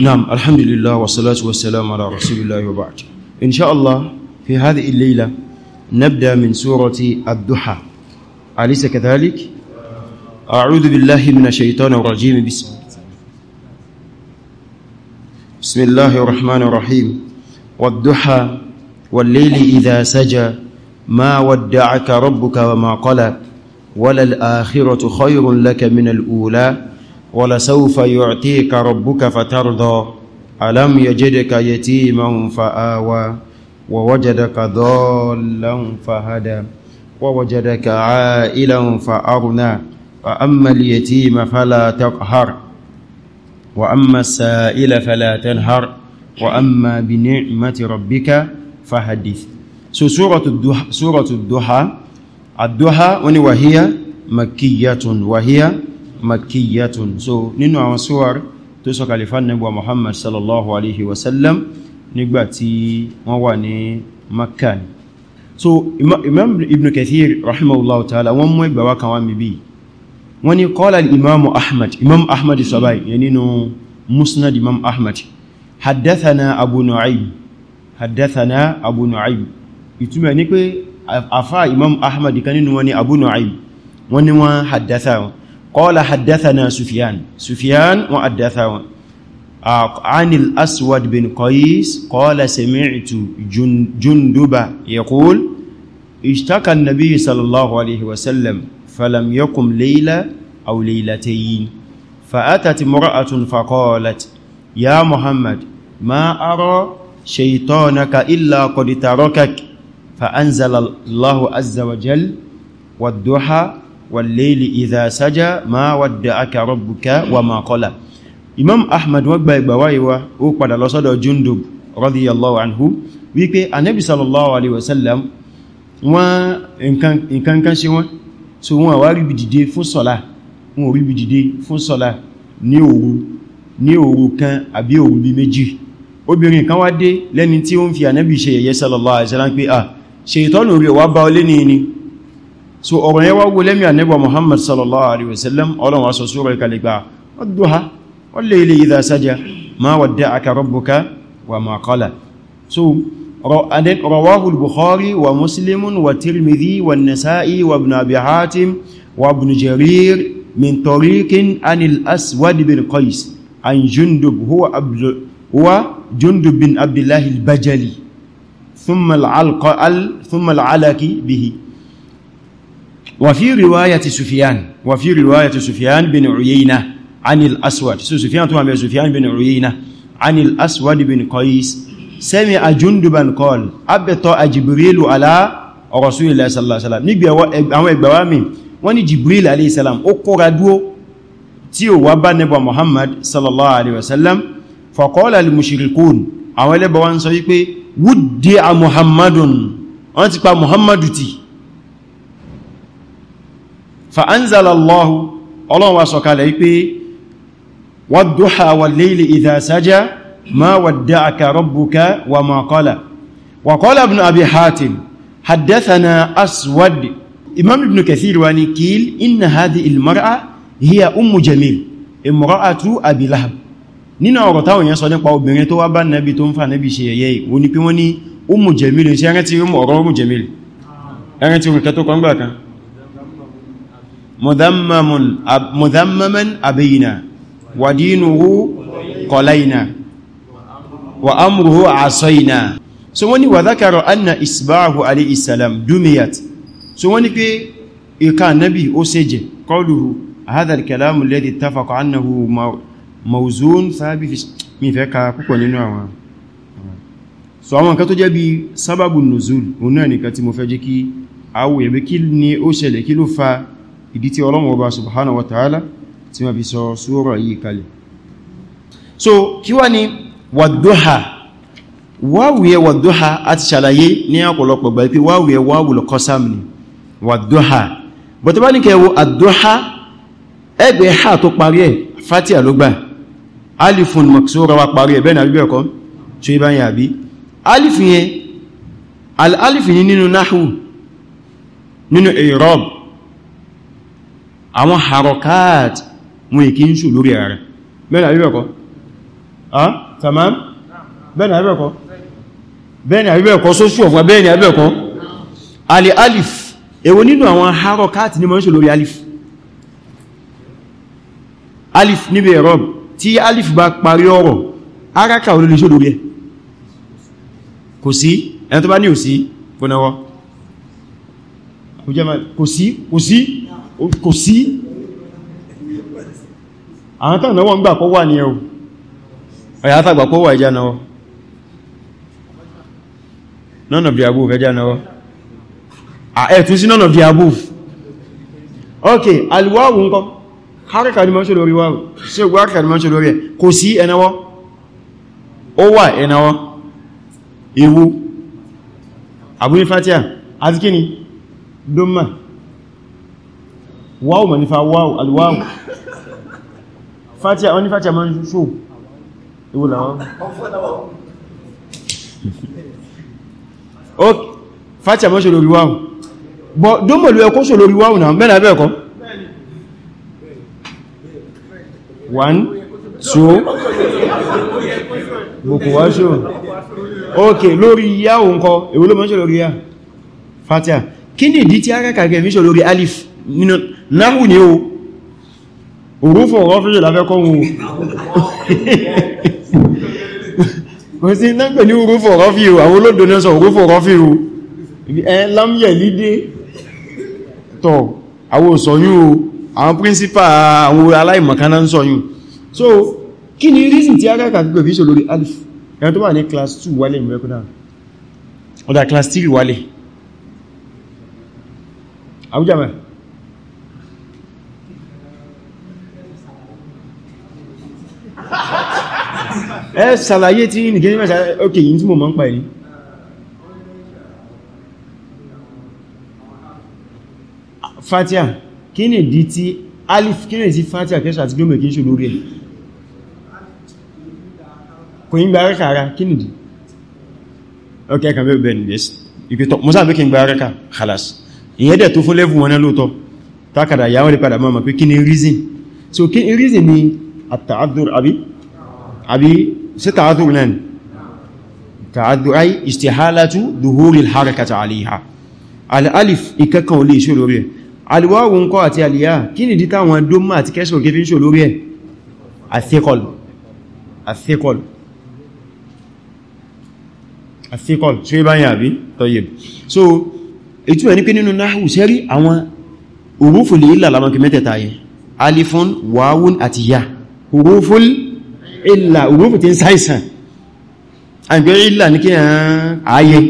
نعم الحمد لله والصلاة والسلام على رسول الله وبعد إن شاء الله في هذه الليلة نبدأ من سورة الدحى أليس كذلك؟ أعوذ بالله من الشيطان الرجيم بسم بسم الله الرحمن الرحيم والدحى والليل إذا سجى ما ودعك ربك وما قلى وللآخرة خير لك من الأولى ولسوف يعطيك ربك فترضى ألم يجدك يتيما فآوى ووجدك ضالا فهدى ووجدك عائلا فأغنى وأما اليتيم فلا تقهر وأما السائل فلا تنهر وأما بنعمة ربك فحدث so سورة الدحى الدوحة وني وهي مكية وهي makkiyatun so nínú àwọn suwar tó sọ kalifan nabuwa muhammad sallallahu alaihi wasallam nígbàtí wọ́n wà ní makka so imam ibn kathir rahimahullahu ta'ala wọ́n mú ẹgbàwá kan wá mi bí wọ́n ni qala imamu ahmad imam ahmad sabai yẹ nínú musnad imam ahmad haddathana abu nu'aym haddathana abu nu'aym ìtumẹ̀ ní pé àfá imam ahmad kan nínú wọn ni abu nu'aym wọ́n ni wọ́n haddatha قال حدثنا سفيان سفيان وحدث عن الأسود بن قيس قال سمعت جندب يقول اشتكى النبي صلى الله عليه وسلم فلم يقم ليلة أو ليلتين فأتت مرأة فقالت يا محمد ما أرى شيطانك إلا قد تركك فأنزل الله عز وجل والدحى wàlèlè ìdásajá ma wàdà aka rọ̀bùká wà ma kọ́lá imam ahmad wọ́n gba ìgbàwá ìwá ó padà lọ́sọ́dọ̀ jundub radiyallahu anhu wípé anabi sallallahu alaihi wasallam wọ́n nǹkan kan ṣe wọ́n so wọ́n wá ríbi dìde fún sọ́lá wọ́n ríbi dìde fún sọ́lá ní òru ní òru kan àbí òru bí méjì obìnrin kan wá dé lẹ́ni tí ó ń fi anabi ṣe yẹ̀yẹ́ sallallahu alaihi wasallam pé ah ṣe ìtọ́nù rí ọwá bá ọlé ní ni so ọ̀rọ̀ yẹn wá wọlé mi ànẹ́bà Muhammad sallallahu alaihi wasallam ọlọ́wọ́ sọ sóra ìkàlẹ̀gbà ọdúnha wal-layli idha saja ma wadda'aka rabbuka wa ma qala so rawahu al-Bukhari wa Muslimun wa Tirmidhi wa Nasa'i an Jundub huwa Jundub bin Abdullah al-Bajali thumma al-Alaqi bihi وفي رواية سفيان وفي رواية سفيان بن عيينة عن الأسود سفيان توما سفيان بن عيينة عن الأسود بن قيس سمع جندبا قال أبطأ جبريل على رسول الله صلى الله عليه وسلم níbi àwọn ẹgbàwà mi wọ́n ní Jibril alayhi salam ó kóra dúó tí ó wá bá nẹ́bà Muhammad sallallahu alayhi wasallam faqala lil mushrikun àwọn ẹlẹ́bà wọ́n sọ wípé wuddi'a Muhammadun wọ́n ti pa Muhammadu ti fa'anzalallahu ọlọ́run wa sọ̀kalẹ̀ pé wadduha wal-layli idha saja ma wadda'aka rabbuka wa ma qala wa qala ibn abi hatim haddathana aswad imam ibn kathir wa ni qil inna hadhihi al-mar'a hiya ummu jamil imra'atu abi lahab nínú ọ̀rọ̀ táwọn èèyàn sọ nípa obìnrin tó wá bá nẹ́bí tó ń fà nẹ́bí ṣe ẹ̀yẹ́ ìwò ní pé wọ́n ní ummu jamil ṣe ẹ̀rẹ́ tí ó mọ̀ ọ̀rọ̀ ummu jamil ẹ̀rẹ́ tí ó rìnkẹ́ tó kọ́ ń gbà kan mudhammaman abina wa dinuhu qalaina wa amruhu asaina so wọ́n ní wa dhakara anna isbahu alayhi salam dumiyat so wọ́n ní pé ìka nabi ó seje qawluhu hadha al-kalam alladhi ittafaqa annahu mawzun thabit mi fẹ́ ka púpọ̀ nínú àwọn so àwọn kan tó jẹ́ bí sababun nuzul ọ̀nà kan tí mo fẹ́ jẹ́ kí awo yebe kí ni ó ṣẹlẹ̀ kí ló fà ìdí tí Ọlọ́run Ọba subhanahu wa ta'ala tí wọ́n fi sọ súra yìí kalẹ̀ so kí wá ni wàdúhà wáwùyẹ wàdúhà àti ṣàlàyé ní ọ̀pọ̀lọpọ̀ gbà pé wáwùyẹ wáwùl qasam ni wàdúhà bọ̀tí bá ní kẹwọ́ àdúhà ẹgbẹ̀ ha tó parí ẹ̀ fatia ló gbà alifun maksura wa parí ẹ̀ bẹ́ẹ̀ nàbí bẹ́ẹ̀ kọ́ tí ó bá ń yàbí alifin yẹn alifin nínú náhù nínú ìrọ́bù àwọn harokat wọn èkí ń ṣù lórí ààrẹ bẹ́ẹ̀ni àríbẹ̀kọ́ tamam bẹ́ẹ̀ni àríbẹ̀kọ́ bẹ́ẹ̀ni àríbẹ̀kọ́ sóṣù ọ̀fà bẹ́ẹ̀ni alì alif èwo nínú àwọn harokat ní mọ́ ń ṣù lórí alif alif níbi ẹ̀rọ tí alif bá parí ọ̀rọ̀ araka ò lè ṣù lórí ẹ kò sí ẹni tó bá ní ò sí kò sí kò sí kò sí àwọn tàn náà wọ́n gbà kọ́ wà ní ẹ̀wọ̀ ọ̀yà àtàgbà kọ́ wà ìjà náà none of the above ẹjá náà ẹ̀tún sí none of the above ok alìwáwù ń kọ́ harika ni mọ́ ṣe lórí wáwù ṣe gbọ́ harika ni mọ́ ṣe lórí ẹ̀ kò sí ẹnawọ́ ó wà ẹnawọ́ ewu abúnífàtíà àti kíni dọ́mà wáwù mọ̀ nífà wáwù alwáwù fàtíà wọ́n ní fàtíà máa ń ṣò ìwò làwọn ok fàtíà máa ṣe lórí wáwù bọ̀ dómọ̀lú ẹkọ́ ṣe lórí wáwù náà mẹ́rin abẹ́ ẹ̀kọ́ one two bùkù wá ṣò ok lórí yáwù ńkọ́ èwo ló máa ń ṣe lórí yá fàtíà kí ni ìdí tí a kàkàrẹ̀ mí ṣe lórí alif náhù ní o òrúfò rọ́fíjì láfẹ́kọ́ wọn kò sí náàpẹ̀ ní òrúfò rọ́fí o àwọn olóòdó náà sọ òrúfò rọ́fí o ẹ lámyẹ̀ lídé tọ̀ àwọn òsọ̀yún o àwọn príncipà àwọn aláìmọ̀kaná ń sọ̀yún so kí ni reason tí ara kàtí pẹ̀fí ṣò lórí alif ẹni tó wà ní class 2 wálé mẹ́kúnnà ọ̀dá class 3 wálé àwújá mẹ́rin ẹ ṣàlàyé tí nìkan ní mẹ́sàn ok yìí tí mo mọ́ ń pa yìí fatia kí ni dí tí alif kí ni tí fatia kẹsà àti gbọ́mọ̀ kí ń ṣe lórí ẹ̀ kò yí gba rẹ́kà kí ni dí ok ẹkàn bẹ́ẹ̀ bẹ́ẹ̀ yes ìpìtọ̀ mọ́sá bí kí ń gba rẹ́kà halas ìyẹn dẹ̀ tó fún lẹ́fún wọn lóòtọ́ takada yawon lè padà mọ́ pé kí ni reason so kí ni reason ni at-ta'addur àbí àbí sí tààdù náà ni tààdù ay istihalatu duhuri harakata aliha al'alif ìkẹ́kàn olè ṣe lórí ẹ̀ alìwáwò ń kọ́ àti àlìyà kí ni dítà àwọn dómà àti kẹsọ̀ kí fi lórí ẹ̀ àṣíkọl tí ó bá yà bí tọ́yẹ̀ so ètù ẹni pé nínú náhù sẹ́rí àwọn òrúfù lè ìlà lámọ́kì mẹ́tẹ̀ta yẹ alifun wawun àti ya òrúfù lè ìlà òrùfù tí ń sáìsàn àgbẹ̀ ìlà ní kí ààyẹ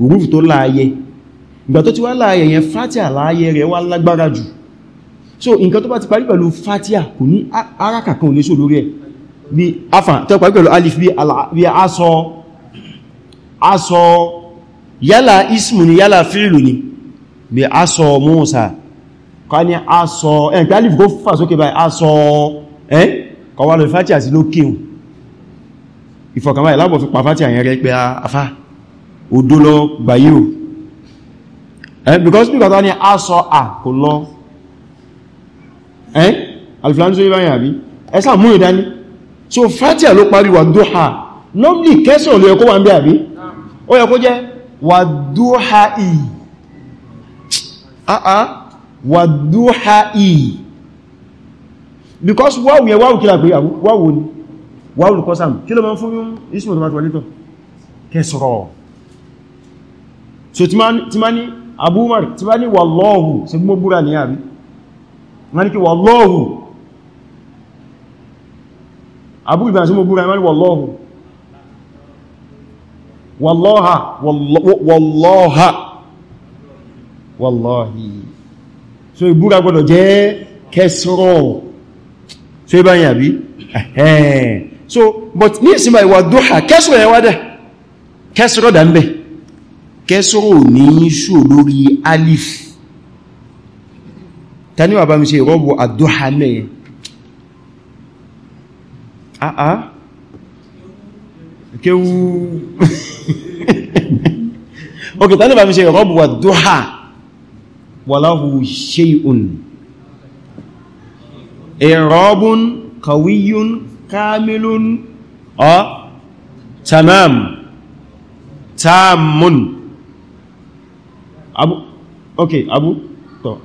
òrùfù tó láàyẹ ìgbà tó ti wá láàyẹ yẹn fatia láàyẹ rẹ̀ wá lágbára jù so nǹkan tó bá ti parí pẹ̀lú fatia kò ní ara kankan ò lè sọ lórí ẹ̀ bí afan tó parí pẹ̀lú alif bí aṣọ aṣọ yálà ismu ni yálà fíìlù ni bí aṣọ Musa ká ní aṣọ ẹ̀ pẹ̀lú alif kó fà sókè báyìí aṣọ ẹ́ kọwa lọ ìfàtíà sí ló kéhùn ìfọ̀kànbá ìlábọ̀ fi pa fàtíà yẹn rẹ pé ah, afá odó lọ gbàyí o eh because pípọ̀ tó ní a sọ à kò lọ eh alifilani tó yíbáyìn àbí ẹsà mú ìdání so fàtíà ló parí wà dóhà normally kẹsàn ló yẹ kó wà ń bí àbí ó yẹ kó jẹ́ wà dóhà ì ah, ah, wà dóhà ì because wáwù yẹ wáwù kílà pé wáwù ní wáwù ní kọ́sàmù kí ló mọ́ fún ismọ̀ tomato alito kẹsọ̀rọ̀ so ti ma ní abúmar ti ma ní wàlọ́hù sí gbogbo búra ní àrí ma ní kí wàlọ́hù abú ìbìnà sí gbogbo búra ma ní wàlọ́hù wàlọ́ha wàlọ́ha wàlọ́hì so ìbúra gbọdọ̀ jẹ́ kẹsọ̀rọ̀ so ibá yìn àbí ẹ̀hẹ́n so but ní ìsinmi ìwà dóhà kẹsùrọ̀ ẹwà dẹ̀ kẹsùrọ̀ dà ń bẹ̀ kẹsùrọ̀ ní ṣò lórí alif ta ní wà bá mi ṣe ìrọ́bù àdóhà mẹ́yẹn àà kéwú ok ta ní wà bá mi ṣe ìrọ́bù àdóhà walahu shay'un ìrọ́bùn kàwíyún kámílùn ọ́ tamam tamun abu ok abu tọ́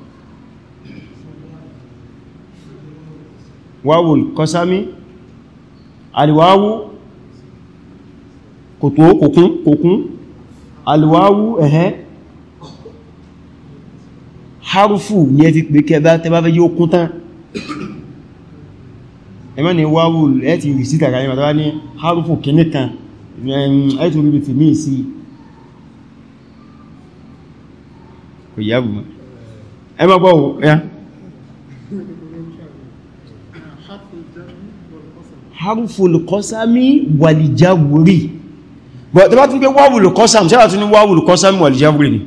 wawul kọsami aliwawu kòtò kòkún kòkún aliwawu ẹ̀hẹ́ harufu ní ẹ ti pè kẹba tẹbá fẹ́ yóò kún tán ẹmọ́ ni wáwù ẹ̀tì rí sí tàrà ìmọ̀tàwà ní harufu kìíní kan ẹ̀tù rí ti míì sí kò yàbù mọ́ ẹmọ́ bọ́wọ́ ya harufu lùkọ́sámi wàlìjáwórí bọ̀ tẹ́bá tún pé wáwù lùkọ́sámi sẹ́bà tún ní wáwù lùkọ́sámi wàlìjáwórí ni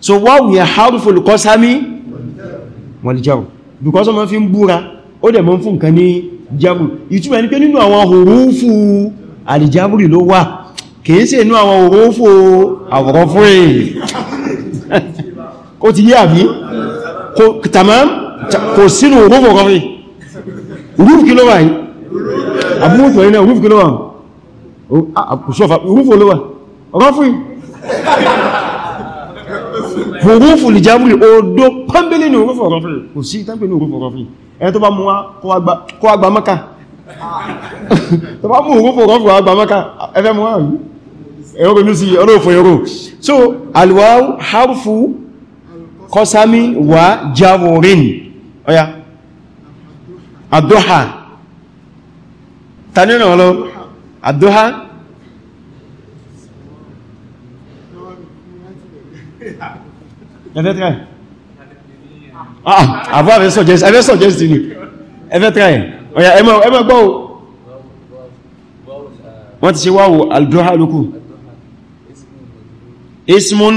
so wáwù ya harufu lùkọ́sámi wàlìjáwórí because ọmọ fi ń búra ó dẹ̀ mọ́ fún nǹkan ní jábùrù ìtumọ̀ ní pé nínú àwọn hurufu alìjábùrù ló wà kìí sí inú àwọn hurufu àwọ̀rọ̀ fún kò ti yé àbí kò sínú hurufu ọ̀rọ̀ fún hurufu kí ló wà yìí àbúrúfù ẹ̀rìn náà hurufu kí ló wà hurufu ló wà ọ̀rọ̀ fún hurufu alìjábùrù odó pọ́nbélé ní hurufu ọ̀rọ̀ ẹni tó bá mú wá kó agbà mọ́ká tó bá mú ògúnfò rọ́fò agbà mọ́ká ẹfẹ́ mú wá rí ẹ̀rọ pẹ̀lú sí ọlọ́fò ẹ̀rọ so alwaw harfu kọsami wa jamorin ọya adọ́ha tanínà ọlọ́ adọ́ha ẹfẹ́ tẹ́rẹ Ah, àbú ẹ̀fẹ́ suggest ẹ̀fẹ́ suggest ni ẹ̀fẹ́ try ọ̀yà ẹmọ gbọ́ wọ́n ti ṣe wáwò al-duha lókù ismun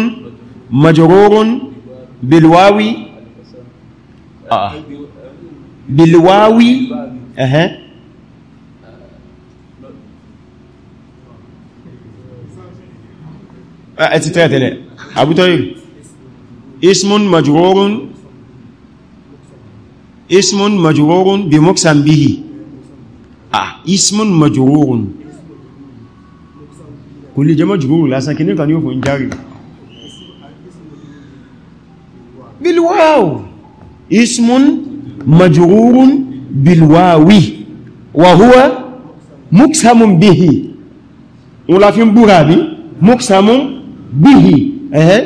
majrurun bilwawi ah, bilwawi ẹ̀hẹ́ ah, ẹ̀ ti tẹ́ẹ̀tẹ̀lẹ̀ àbútọ́ ismun majrurun ismun majururun bi muksan bihi ah ismun majururun kò lè jẹ majururu lásán kí níkan ní ó fún jari bilwaw ismun majururun bilwawi wa huwa muksamun bihi wọ́n la búra bí muksamun bihi ẹ̀hẹ́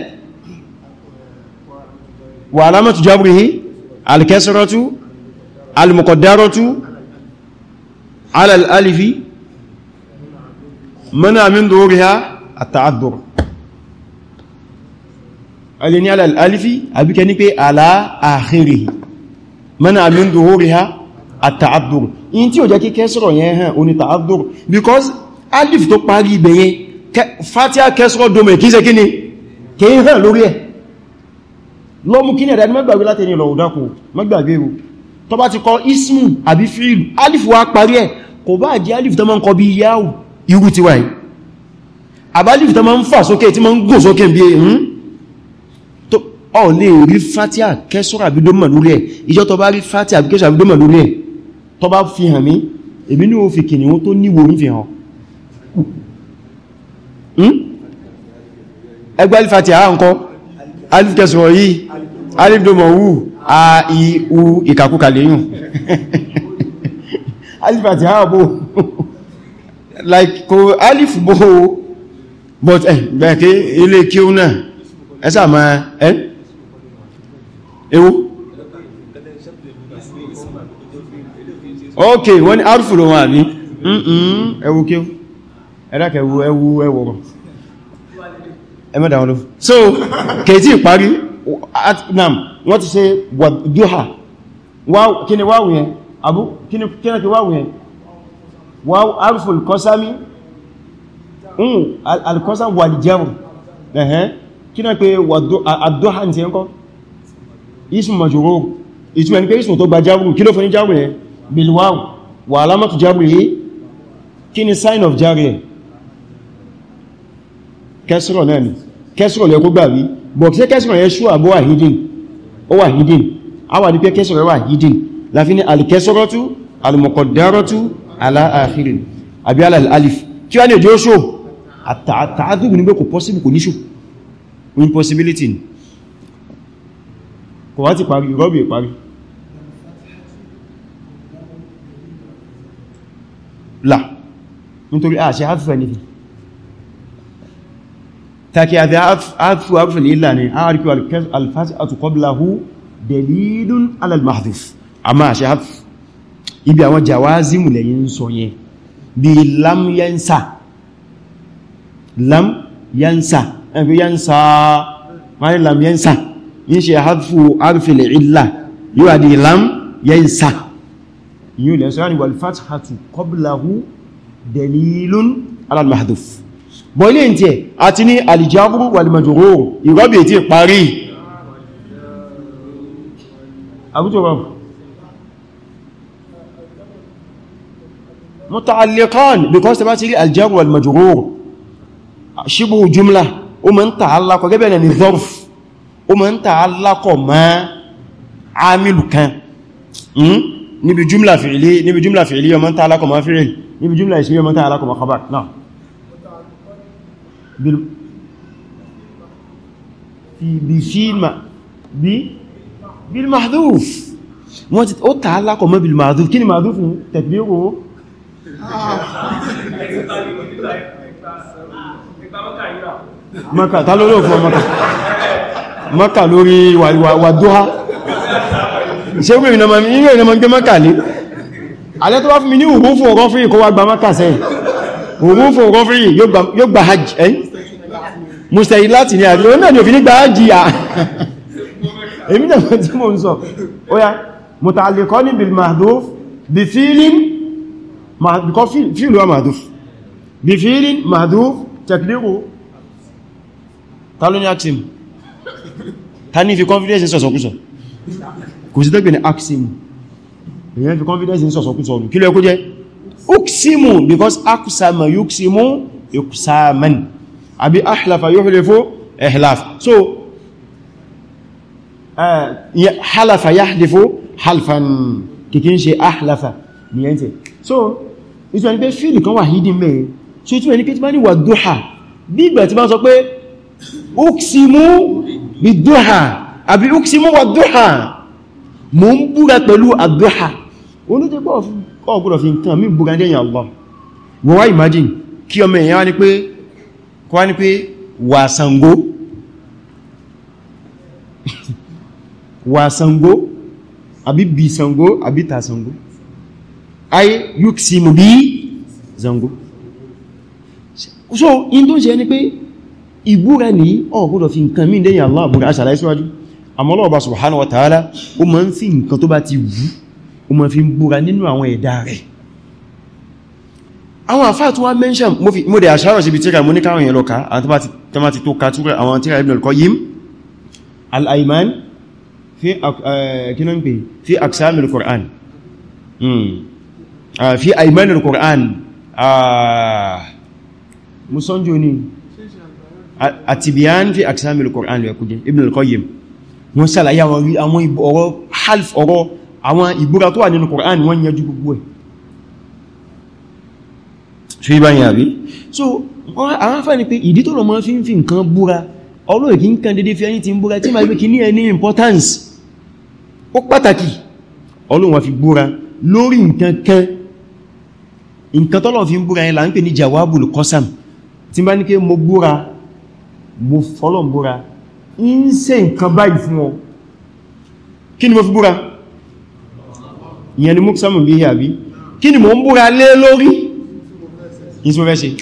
wa alamatu jabrihi alkẹsìrọtú alìmọ̀kọ̀dárọtú alàlìfí mọ́nà min dórí ha àtàdùrù alì ní alàlìfí àbíkẹ́ ní pé àlà àhìrì mọ́nà min dórí ha àtàdùrù in tí ó jẹ́ kí kẹsìrọ yẹn hàn oní tàdùrù because alif tó parí ibẹ̀yẹn fatia kẹsìrọ domẹ̀ kí lọ mú kí ní ẹ̀dà ní mẹ́gbàgbé láti ẹni ọ̀dọ́kù mẹ́gbàgbé o tó bá ti kọ ismu àbí fíìlù alif wa parí ẹ̀ kò bá jẹ́ alif tó máa ń kọ bí yáò irú ti wáyé àbálif tó máa ń fà sókè tí máa ń gò sókè bí ẹ̀hún hmm? tó ọ lè rí fatia kẹsọ́rọ̀ àbí dómà lórí ẹ̀ ìjọ tó bá rí fatia àbí kẹsọ́rọ̀ àbí dómà lórí ẹ̀ tó bá fi hàn mí èmi hmm? ẹgbẹ́ alifatia à ń kọ́ alif kẹsùn wọ̀nyí alif domọ̀ wù a i u ìkàkùkà lẹ́yìn alif àti ààbò like kò alif bó but eh, gbẹ̀kẹ́ ilé kí ó náà ẹsà ma ẹ́ ewu ok wọ́n ni arúfù lọ wọ́n àbí ẹwù kí ó ẹ̀dàkẹ̀wù ẹwù ẹwọ̀rọ̀ ẹmẹ́dà wọn ló so kèèsí ìparí nam wọ́n ti ṣe wàdúhà kí ni wáwù yẹn abú kí ni kí wáwù yẹn wáwù arful kọsámi ń alkọsá wà jẹun ẹ̀hẹ́n kí náà pé àdúhà ní ẹnkọ́ ismu majoro ìtumẹ̀ ní pé ismu tó gba jáwùrù kí ló fún ní jáwùrù yẹn bilwáwù wà alámọ́tù jáwùrù yìí kí ni sign of jáwùrù yẹn kẹsìrọ̀ náà ni kẹsìrọ̀ lẹ́kó gbà rí bọ̀ tí kẹsìrọ̀ yẹ ṣú àbọ́ àhídìn ó wà hídìn a wà ní pé kẹsìrọ̀ wà hídìn láfi ní alìkẹsọ̀rọ̀tú alìmọ̀kọ̀dárọ̀tú aláàfírin àbí alif kí wá ní èdè impossibility kò wá ti parí rọ́bì parí là nítorí àṣẹ àfífẹ́ nífẹ̀ẹ́ taki a zafi harfin illa ne a harfi alfasi a tukoblahu dalilun alalmahdif amma ṣe haf ibi àwọn jawazi mu lẹ́yìn sọ yẹn bí lam yansa lam yansa ẹgbẹ́ eh, yansa wani lam yansa yin ṣe hafu harfin illa yíò adi lam yansa yíò lẹ́sọ́ yáni walfati a tukoblahu dalilun alalmahdif bọ̀ ilé ìntí ẹ̀ àti ní alìjábúrú wàlìmọ̀jòrò ìrọ́bì ètí parí muta'alliqan because tẹbá ti rí alìjábúrú wàlìmọ̀jòrò ṣíbù jùmlá o mọ́ ń ta alákọ̀ gẹ́bẹ̀rẹ̀ ni zorf o mọ́ ń ta alákọ̀ mọ́ amílù kan hmm? níbi jùmlá fi'li níbi jùmlá fi'li yọ mọ́ ń ta alákọ̀ mọ́ fi'li níbi jùmlá ìṣẹ́ yọ ń ta alákọ̀ mọ́ khabar náà bilmahduf wọ́n ti ó tàá lákọ̀ mọ́ bilmahduf kí ni mahduf ní tẹ̀kìlérò maka ta lórí òfin maka maka lórí wàdúhá ṣe gbé ìrìnàmà gbé maka lé alẹ́ tó bá fún mi ní òhun fún ọ̀rọ̀ fún ìkọwà gba maka sẹ́yìn òhun fún ọ̀rọ̀ fún yóò gba hajj mùsẹ̀yí láti ní àbí onáà ni ò fi nígbà ájìyà èmi náà tí mo ń sọ ó yá muta'alliqani bil mahduf bí fílín mahduf fílù wa mahduf bí fílín mahduf tẹ̀kìlẹ́kù talóní axiom ta ní fi confidence sọ̀sọ̀kúsọ̀ kò sí tẹ́gbẹ̀ ní axiom èyàn fi confidence sọ̀sọ̀kúsọ̀ kí ló ẹkú jẹ́ uksimu because aksama yuksimu iksaman àbí ahlafa yuhlifu ihlaf so halafa yahlifu halfan kìkí ń ṣe ahlafa ní ẹ̀ntẹ̀ so ìtù ẹni pé fíìlì kan wà hídí mẹ́ so ìtù ẹni pé tí bá ní wà dúhà bí ìgbà tí bá sọ pé uksimu bí dúhà àbí uksimu wà dúhà mo ń búra pẹ̀lú àdúhà olóòtẹ́gbọ́ ọgbọ́dọ̀ fi nǹkan mí búra jẹ́yìn Allah wọ́n wá imagine kí ọmọ èèyàn wá ní pé kọ́ wá ní pé wàsàngó wàsàngó àbí bìsàngó àbí tàsàngó ayé yóò sí mú bí zango so in tó ń ṣe ní pé ìbúra ní ọ̀gbọ́dọ̀ fi nǹkan mí dẹ́yìn Allah àbúrà aṣàlá ìsíwájú àmọ́lọ́ọ̀bá subhanahu wa ta'ala ó ma ń fi nǹkan tó bá ti wú ó ma fi ń búra nínú àwọn ẹ̀dá rẹ̀ àwọn àfáà tó wá mention mo dẹ̀ àṣàrọ̀ sí ibi tíra mú ní káwọn yẹn lọ́ka àti tàbí tó ká túnrẹ àwọn tíra Ibn al-Qayyim al fi aksami eh, al-Qur'an fi ayman al-Qur'an musanjo ni at-Tibyan fi aksami al-Qur'an lẹ́kùdín Ibn al-Qayyim wọ́n sàlàyé àwọn half ọ̀rọ̀ àwọn ìbúra tó wà nínú Qur'an wọ́n yẹjú gbogbo ṣe báyìí àbí so àwọn afẹ́ ni pé ìdí tó lọ mọ́ fi ń fi nǹkan búra ọlọ́rẹ̀ kí ń kan dédé fi ẹni ti ń búra tí ma gbé kí ní ẹni importance ó pàtàkì ọlọ́run wá fi búra lórí nǹkan kan nǹkan tọ́lọ̀ fi ń búra yẹn là ń pè ní jawabul qasam tí bá ní pé mo búra mo fọ́lọ̀n búra ń ṣe nǹkan báyìí fún ń búra lé lórí yìí tí mo fẹ́ ṣe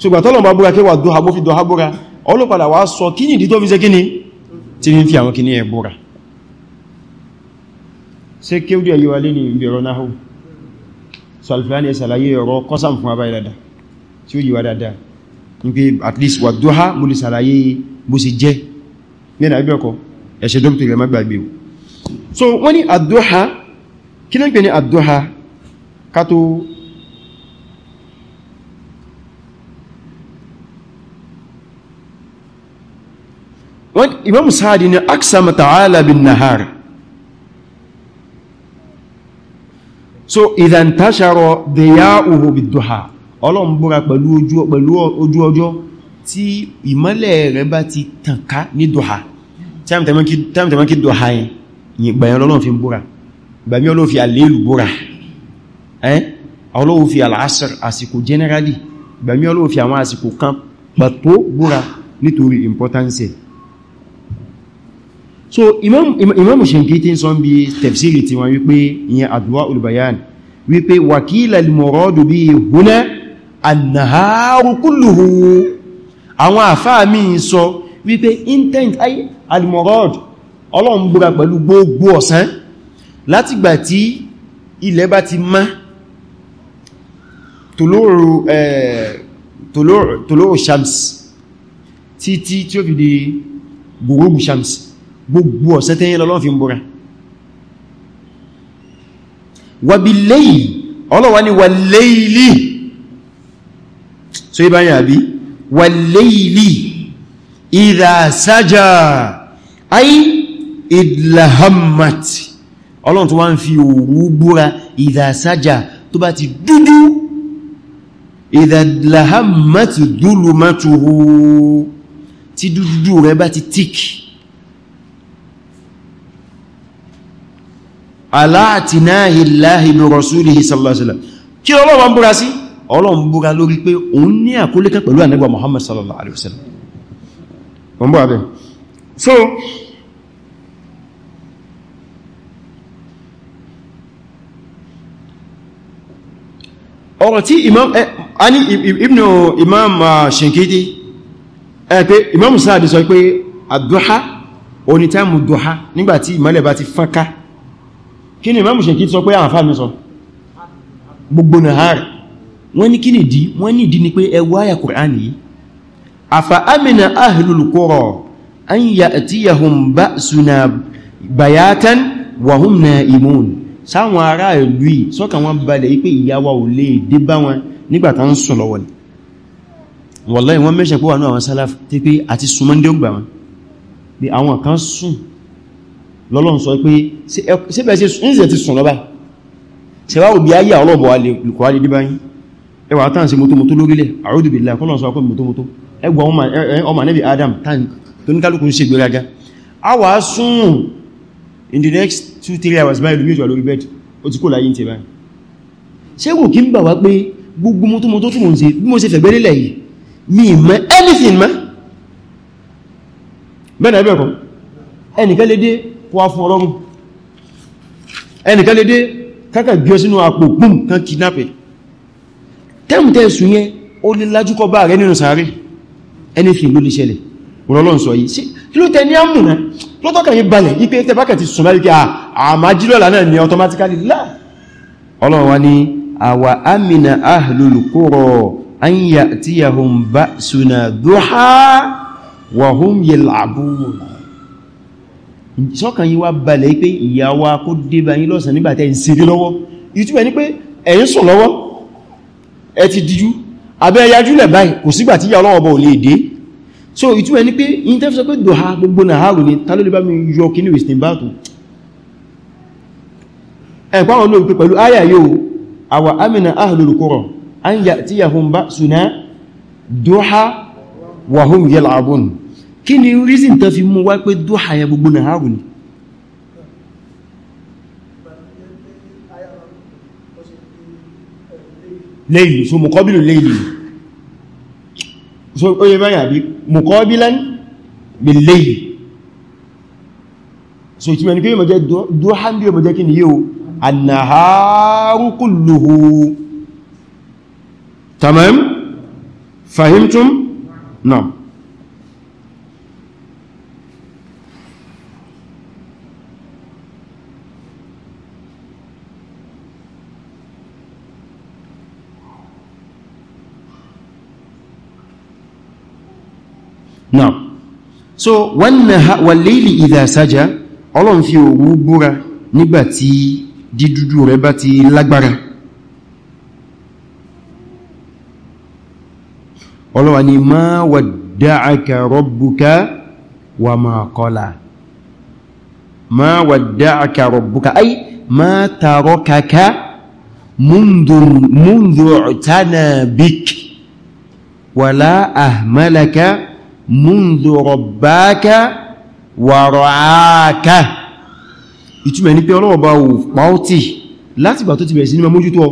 ṣùgbà tọ́lọ̀ bá búra kéwà dọ́ha bó fi dọ́ha búra ọlọ́pàdà wá sọ kí ní ìdí tó fi ṣe kí ni tí ní fi àwọn kí ní ẹ búra ṣe kéwdí ẹ̀yíwa lé ní ibi ọ̀rọ̀ náà dada tí ní at least wà dọ́ha mo lè sàlàyé bó ṣe jẹ́ mẹ́rin àbí ọkọ̀ so wọ́n ní àdọ́ha kí náà pè ní àdọ́ha ká tó wọ́n imam sáàdì ni aksam ta'ala bin nahar so idhan tashara diya'uhu bid-duha ọlọ́run búra pẹ̀lú ojú ọjọ́ tí ìmọ́lẹ̀ rẹ̀ bá ti tàn ká ní duha tẹ́mtẹ̀mọ́ kí duha yìí gbàyàn lọ́lọ́run fi búra gbàmí ọlọ́run fi al-layl búra ọlọ́run fi al generally gbàmí ọlọ́run fi àwọn àsìkò kan pàtó búra nítorí so imam Shankiti sọ bí tafsiri ti wọn wípé ìyẹn Adwa'ul Bayan wípé wakila al-muradu bihi huna an-naharu kulluhu àwọn àfáà mi sọ wípé intent ay al-murad ọlọ́run búra pẹ̀lú gbogbo ọ̀sán látìgbà tí ilẹ̀ bá ti má tòlóòrò tòlóòrò shams títí tí ó fi di gùrùgù shams gbogbo ọ̀sẹ̀ tẹ́yìn lọ́lọ́n fi ń búra wàbílẹ́yì ọlọ́wà ní wàlẹ́ìlì so ibá yà bí wàlẹ́ìlì ìdà sájà ayi ìdìláhàmàt ọlọ́n tó wá ń fi òru búra ìdà sájà tó bá ti dúdú ìdàláhàmàt dúlùmátòhó tí dúdú rẹ̀ bá ti tíkì aláàtìnáhì láhì bí rọ̀súlìhì sallallahu alaihi wasallam kí Ọlọ́run búra sí Ọlọ́run búra lórí pé òun ní àkólé kan pẹ̀lú ànábì Muhammad sallallahu alaihi wasallam wọ́n so ọ̀rọ̀ tí imam ani ibn imam uh, shinkiti ẹ pé imam sáàdì sọ pé àdúhá oní táìmù dúhá nígbàtí ìmọ́lẹ̀ bá ti fánká kí ni mẹ́mù ṣekí sọ pé àfá mi sọ gbogbo nàárì wọ́n ní kí ni dí wọ́n ní dí ni pé ẹwọ àyà Kùránì yìí afa amina ahlul qura an ya'tiyahum ba'suna bayatan wa hum na'imun sáwọn ará ìlú yìí sọ́kàn wọn balẹ̀ pé ìyáwó ò lè dé bá wọn nígbàtà ń sùn lọ́wọ́ lọ́lọ́n sọ pé síbẹ̀ sí ìzẹ̀ ti sùn lọ́bá ṣẹwà òbí ayé ọlọ́bọ̀ alẹ́kọ̀ọ́lẹ́ dí báyìí ẹwà tán sí mọ́tọ́mọ́tọ́ lórílẹ̀ a'udhu billahi kọ́lọ́n sọ pé mọ́tọ́mọ́tọ́ ẹgbà ọmọ nẹ́bí Adam tank tó ní kálùkù ṣe in the next two three hours báyìí lórí lórí bed ó ti kó láyé ti báyìí ṣe wò kí ń bà wá pé anything mọ́ bẹ́ẹ̀ náà bẹ́ẹ̀ kọ́ ẹnìkan lè dé kó wá fún ọlọ́run ẹnìkan lè dé kákà gbí ọ sínú àpò pùm kan kidnappé tẹ́mùtẹ́ sùn yẹn ó lè lájúkọ bá rẹ nínú sàárè anything ló lè ṣẹlẹ̀ ọlọ́run sọ yìí kí ló tẹ ní àmùnà lọ́tọ́kà yìí balẹ̀ ipé tẹbákà ti sùn láyé kí ah, àmájílọ́lá náà ni automatically láà ọlọ́run wá ní àwà amina ahlul qura an ya'tiyahum ba'suna duha wa hum yal'abun sọ́kàn yí wá balẹ̀ pé ìyàwó kó dé bá yín lọ́sàn nígbàtẹ́ ń ṣeré lọ́wọ́ youtube ní pé ẹ̀yin sùn lọ́wọ́ ẹ ti díjú abẹ́ ẹyájúlẹ̀ báyìí kò sígbà tí ìyà ọlọ́wọ́ bọ̀ lè dé so youtube ní pé in tẹ́ sọ pé dọ̀ha gbogbo nàárù ni ta ló lè bá mi yọ kíní wìsìn bá tó ẹ̀pá wọn lóòpẹ́ pẹ̀lú áyà yóò àwà amina ahlul qura an ya'tiyahum ba'suna duha wa hum yal'abun kí ni reason tán fi mú wá pé dúhà yẹ gbogbo nàárù ni léyìí so mọ̀kọ́bílù léyìí so ó yẹ báyà bí mọ̀kọ́bílán bí léyìí so ìtìmẹ̀ ní pé yíò mọ̀ jẹ́ dúhà ní yíò jẹ́ kí ni yíò annaharu tamam fahimtum na'am náà so wal-layli idha saja ọlọ́run fi òru búra nígbàtí dídúdú rẹ̀ bá ti lágbára ọlọ́wà ni ma wadda'aka rabbuka wa ma qala ma wadda'aka rabbuka ay ma tarakaka mundu i'tana bik wala ahmalaka múndù rọ̀báka wàrọ̀áka ìtumẹ̀ ní pé ọlọ́ọ̀bá ò pàótì láti ìgbà tó ti bẹ̀rẹ̀ sí ní ma mójútó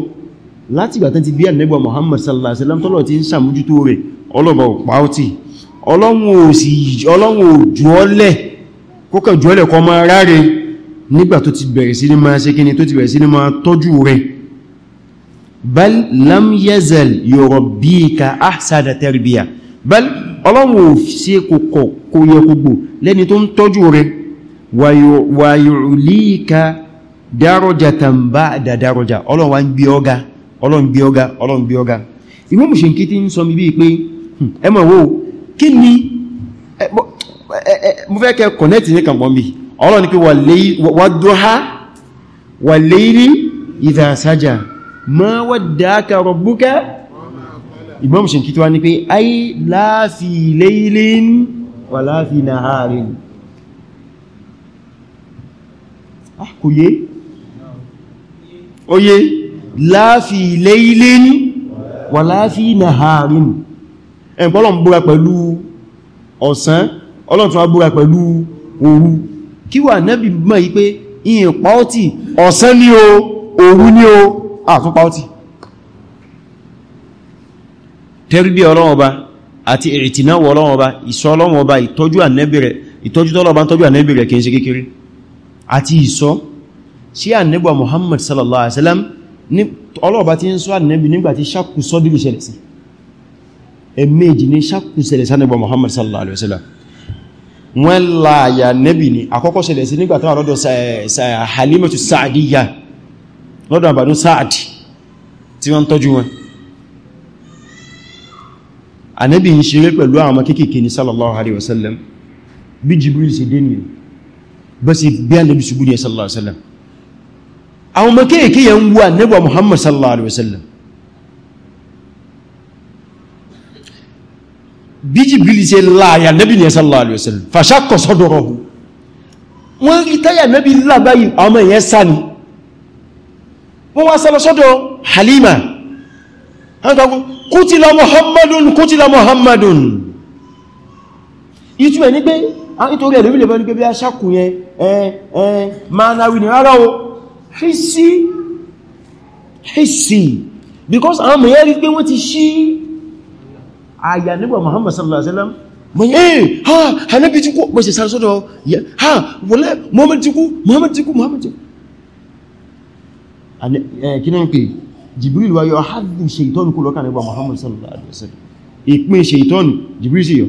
láti ìgbà tán ti bí ànẹ́gbà Muhammad sallallahu alaihi wasallam tọ́lọ̀ ti ń sàmójútó rẹ̀ ọlọ́ọ̀bá ò pàótì ọlọ́run ò jùọ́lẹ̀ kókà jùọ́lẹ̀ kọ máa ráre nígbà tó ti bẹ̀rẹ̀ sí ní máa bal lam yazal yurabika ahsana tarbiyah bẹ́l ọlọ́run ò sí kòkò kò yẹ gbogbo lẹ́ni tó ń tọ́jú rẹ̀ wàyùlíka dárọjà tàbá àdà dárọjà ọlọ́run wá ń gbé ọga ọlọ́run gbé ọga ọlọ́run gbé ọga ìmọ́ mùsùn kí tí ń sọ mi bí pé ma waddaka rabbuka Imam Shinkiti wá ní pé ay la fi laylin wa la fi naharin ah kò yé ó yé la fi laylin wa la fi naharin ẹn pọ́lọ̀n búra pẹ̀lú ọ̀sán ọlọ́tún wá búra pẹ̀lú òru kí wà nẹ́bì mọ̀ yí pé ìyìn pàótì ọ̀sán ni o òru ni o àtún ah, pàótì tẹ́rìbí ọlọ́run ọba àti ìrìtìnáwọ̀ ọlọ́run ọba ìsọ ọlọ́run ọba ìtọ́jú ànẹ́bẹ̀rẹ̀ ìtọ́jú tọ́lọ́ba tọ́jú ànẹ́bẹ̀rẹ̀ kìí ṣe kékeré àti ìsọ sí ànẹ́bà Muhammad sallallahu alaihi wasallam ní ọlọ́ọ̀bá tí ń sọ ànẹ́bì nígbà tí ṣàkù sọ́dúrù ṣẹlẹ̀ sí ẹ̀mẹ́jì ní ṣàkù ṣẹlẹ̀ sí ànẹ́bà Muhammad sallallahu alaihi wasallam wọ́n láàyà nẹ́bì ní àkọ́kọ́ ṣẹlẹ̀ sí nígbà tó àrọ́dọ̀ Halimatu Sa'diyya lọ́dọ̀ àbàdún Sa'd tí wọ́n tọ́jú wọn ànábì ń ṣeré pẹ̀lú àwọn kéèkéé ní sallallahu alaihi wasallam bí jibril sì dé nìyàn bá sì bí ànábì ṣubú ní sallallahu alaihi wasallam àwọn ọmọ kéèkéé yẹn ń wú ànábì muhammad sallallahu alaihi wasallam bí jibril ṣe láàyà ànábì ní sallallahu alaihi wasallam fashaqqa sadruhu wọ́n rí táyà ànábì lábáyìí àwọn ẹ̀yẹ sáni wọ́n wá sọ́dọ̀ halima hankaku kútìlá Muhammadun kútìlá Muhammadun ìtumẹ̀ ní pé nítorí ẹ̀lẹ́bí lè bá ní pé bí a ṣàkù yẹn ẹ̀ẹ́ ma náwí ní rárá o hissi hissi because àwọn mọ̀ yẹ́ rí pé wọ́n ti ṣí àyà nígbà Muhammad sallallahu alaihi wasallam mọ̀yẹ́ ha hanabi ti kú pẹ̀sẹ̀ sáré sọ́dọ̀ ha wọlé Muhammad ti kú Muhammad ti kú Muhammad ti kú jibril wa yọ haddu ṣeitọ́nù kú lọ́kà nígbà muhammad sallallahu alaihi wasallam ìpín ṣeitọ́nù jibril sí yọ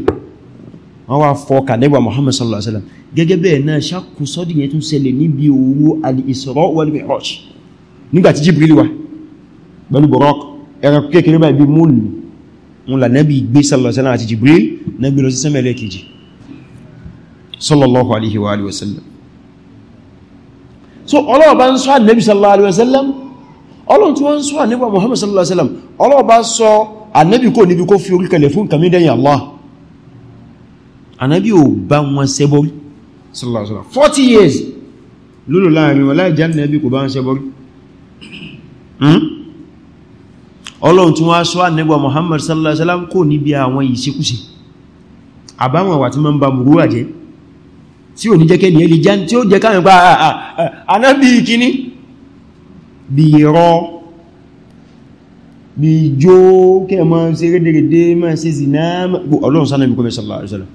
wọ́n wá fọ́kà nígbà muhammad sallallahu alaihi wasallam gẹ́gẹ́ bẹ́ẹ̀ náà ṣakù sọ́dì yẹn tún ṣẹlẹ̀ níbi owó al-isra wal mi'raj nígbàtí so ọlọ́ọ̀bá ń sọ ànábi sallallahu alaihi wasallam ọlọ́run tí wọ́n ń sọ àníbà Muhammad sallallahu alaihi wasallam ọlọ́ọ̀bá sọ ànábì kò níbi kó fi orí kalẹ̀ fún kàmí dẹ́yìn Allah ànábì ò bá wọn ṣẹbọrí sallallahu alaihi wasallam 40 years lólò láàrin wọn láì jẹ́ ànábì kò bá wọn ṣẹbọrí hmm? ọlọ́run tí wọ́n sọ àníbà Muhammad sallallahu alaihi wasallam kò níbi àwọn ìṣekúṣe àbáwọn wà tí ma ń ba mùrú àjẹ́ tí ò ní jẹ́kẹ́ ni ẹ lè jẹ́ tí ó jẹ́ káàrin pa ah, ah, ah, ànábì kìíní bí irọ́ bí ijó kẹ́ mọ́ sí rédèrèdè mọ́ sí zìnà ọlọ́run sánàbí kọ́mẹ́ sallallahu alaihi wasallam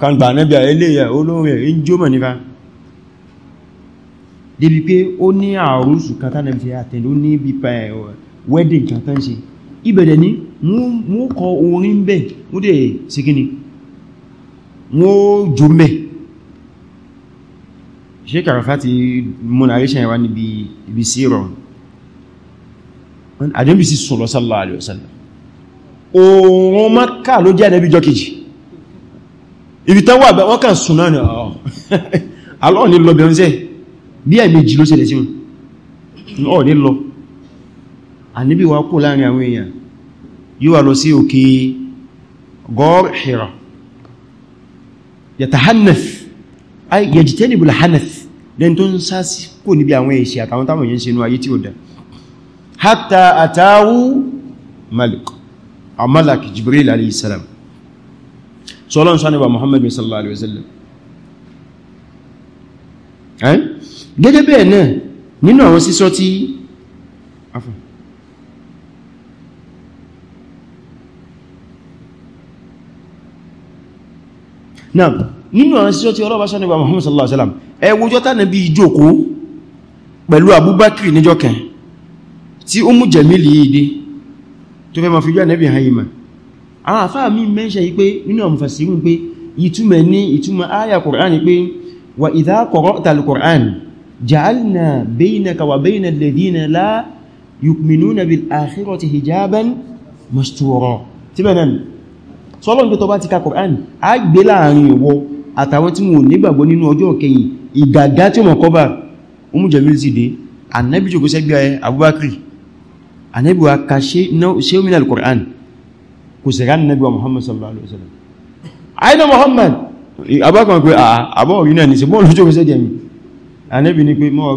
kan gbà náà bí i eléyà olóòrùn ẹ̀ ń jó mọ̀ nípa débi pé ó ní àrùsù kan tánàbí fi eh, wedding kan tán ṣe ibẹ̀dẹ̀ ní mú kọ orin bẹ̀ mú dẹ̀ sí kíni Sheikh Arafat ti múnà ríṣẹ́ ìwá níbi sírọ̀ àdínbì sí sùn lọ sallallahu alaihi wasallam oòrùn Mákà ló jẹ́ àdẹ́bí jọ kejì ibi tán wà wọ́n kàn sùn náà alọ́ ní lọ bẹ̀rẹ̀ bí ẹ̀mẹ́jì ló ṣẹlẹ̀ sí wọn ọ̀ ní lọ àníbì wá kó láàrin àwọn èèyàn yíò wà lọ sí òkè Ghor Hira yatahannath yẹjìtẹ́lì bùlá hannath lẹ́n tó ń sá sí kò níbi àwọn èṣì àtàwọn táwọn yẹn ṣe inú ayé tí ó dá hatta àtàwù malik amalak jibril alayhisalam sọ́lọ́n sánibà muhammad sallallahu alaihi wasallam gẹ́gẹ́ bẹ́ẹ̀ náà nínú àwọn sísọ tí náà nínú àwọn síṣọ́ tí ọlọ́bá sọ nígbà Muhammad sallallahu alaihi wasallam ẹwùjọ́ tánà bí ìjòkó pẹ̀lú Abubakar níjọ́ kan tí ó mú jẹ̀mílì ìdí tó fẹ́ ma fi jọ ànẹ́bì haima àwọn àfáà mi mẹ́ṣẹ́ yí pé nínú àmúfàsírùn pé ìtumẹ̀ ní ìtumẹ̀ ayà Qur'an pé wa idha qara'ta al-Qur'an ja'alna baynaka wa bayna alladhina la yu'minuna bil akhirati hijaban mastura tí bẹ̀rẹ̀ sọ́lọ́n tó bá ti ka Qur'an a gbé láàrin ìwọ àtàwọn tí wọn ò nígbàgbọ́ nínú ọjọ́ kẹyìn ìgàgá tí wọ́n kọ́ bá Umu Jamil sì dé Ànábì jòkó sẹ́gbẹ́ Abubakar Ànábì wa ka ṣe omi al-Qur'an kò sẹ̀rá Ànábì wa Muhammad sallallahu alaihi wasallam aina Muhammad abákan pé àbọ̀ orí náà ní sí mọ́ olójò sẹ́gbẹ́ mi Ànábì ni pé mọ́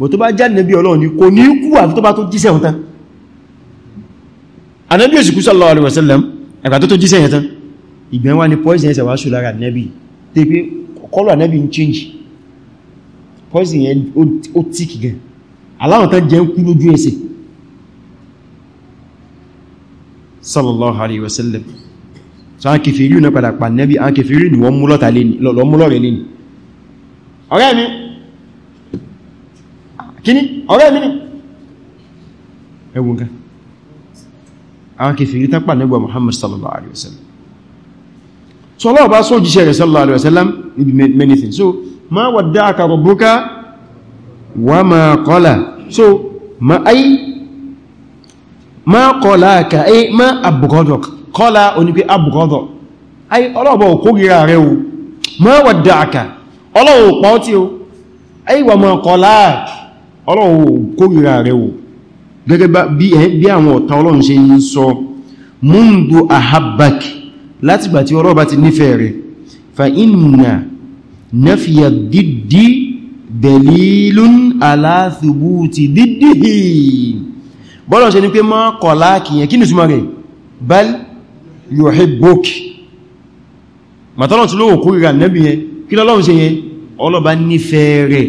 bọ̀ tó bá jẹ́ nẹ́bí ọlọ́run ni kò ní kú àfi tó bá tó jíṣẹ́ ọ̀tán anẹ́bí òsìkú sallallahu alaihi wasallam ẹ̀gbà tó tó jíṣẹ́ yẹn tán ìgbẹ̀ wá ní poison ẹsẹ̀ wá ṣù lára nẹ́bí tí pé kọ́lọ̀ nẹ́bí ń change poison alaihi wasallam so a kìfèrí náà padà pa nẹ́bí a kìfèrí ni wọ́n mú lọ́ta lẹ́ni mi kíní ọ̀rẹ́ mi ni ẹwùn gan àwọn kèfèrí tán pà nígbà Muhammad sallallahu alaihi wasallam so ọlọ́ọ̀bá só jíṣẹ́ rẹ̀ sallallahu alaihi wasallam ibi many things so ma wadda'aka rabbuka wa ma qala so ma ai ma qalaka ai ma abghadaka qala onípe abghada ai ọlọ́ọ̀bá ò kórìíra rẹ̀ o ma wadda'aka ọlọ́ọ̀pá ó tí o ai wa ma qalaka ọlọ́run kórìíra rẹ̀ o gẹ́gẹ́ bí àwọn ọ̀tá ọlọ́run ṣe ń sọ mundu ahabbaki láti gbà tí ọlọ́run bá ti nífẹ̀ẹ́ rẹ̀ fa inna nafiya diddi dalilun ala thubuti diddihi bọ́lọ̀ ṣe ni pé mọ́ kọ̀láàkì yẹn kí ni súnmọ́ rẹ̀ bal yuhibbuki màtọ́lọ̀ tí lóòkú ìrà kí lọ́lọ́run ṣe yẹn ọlọ́ba nífẹ̀ẹ́ rẹ̀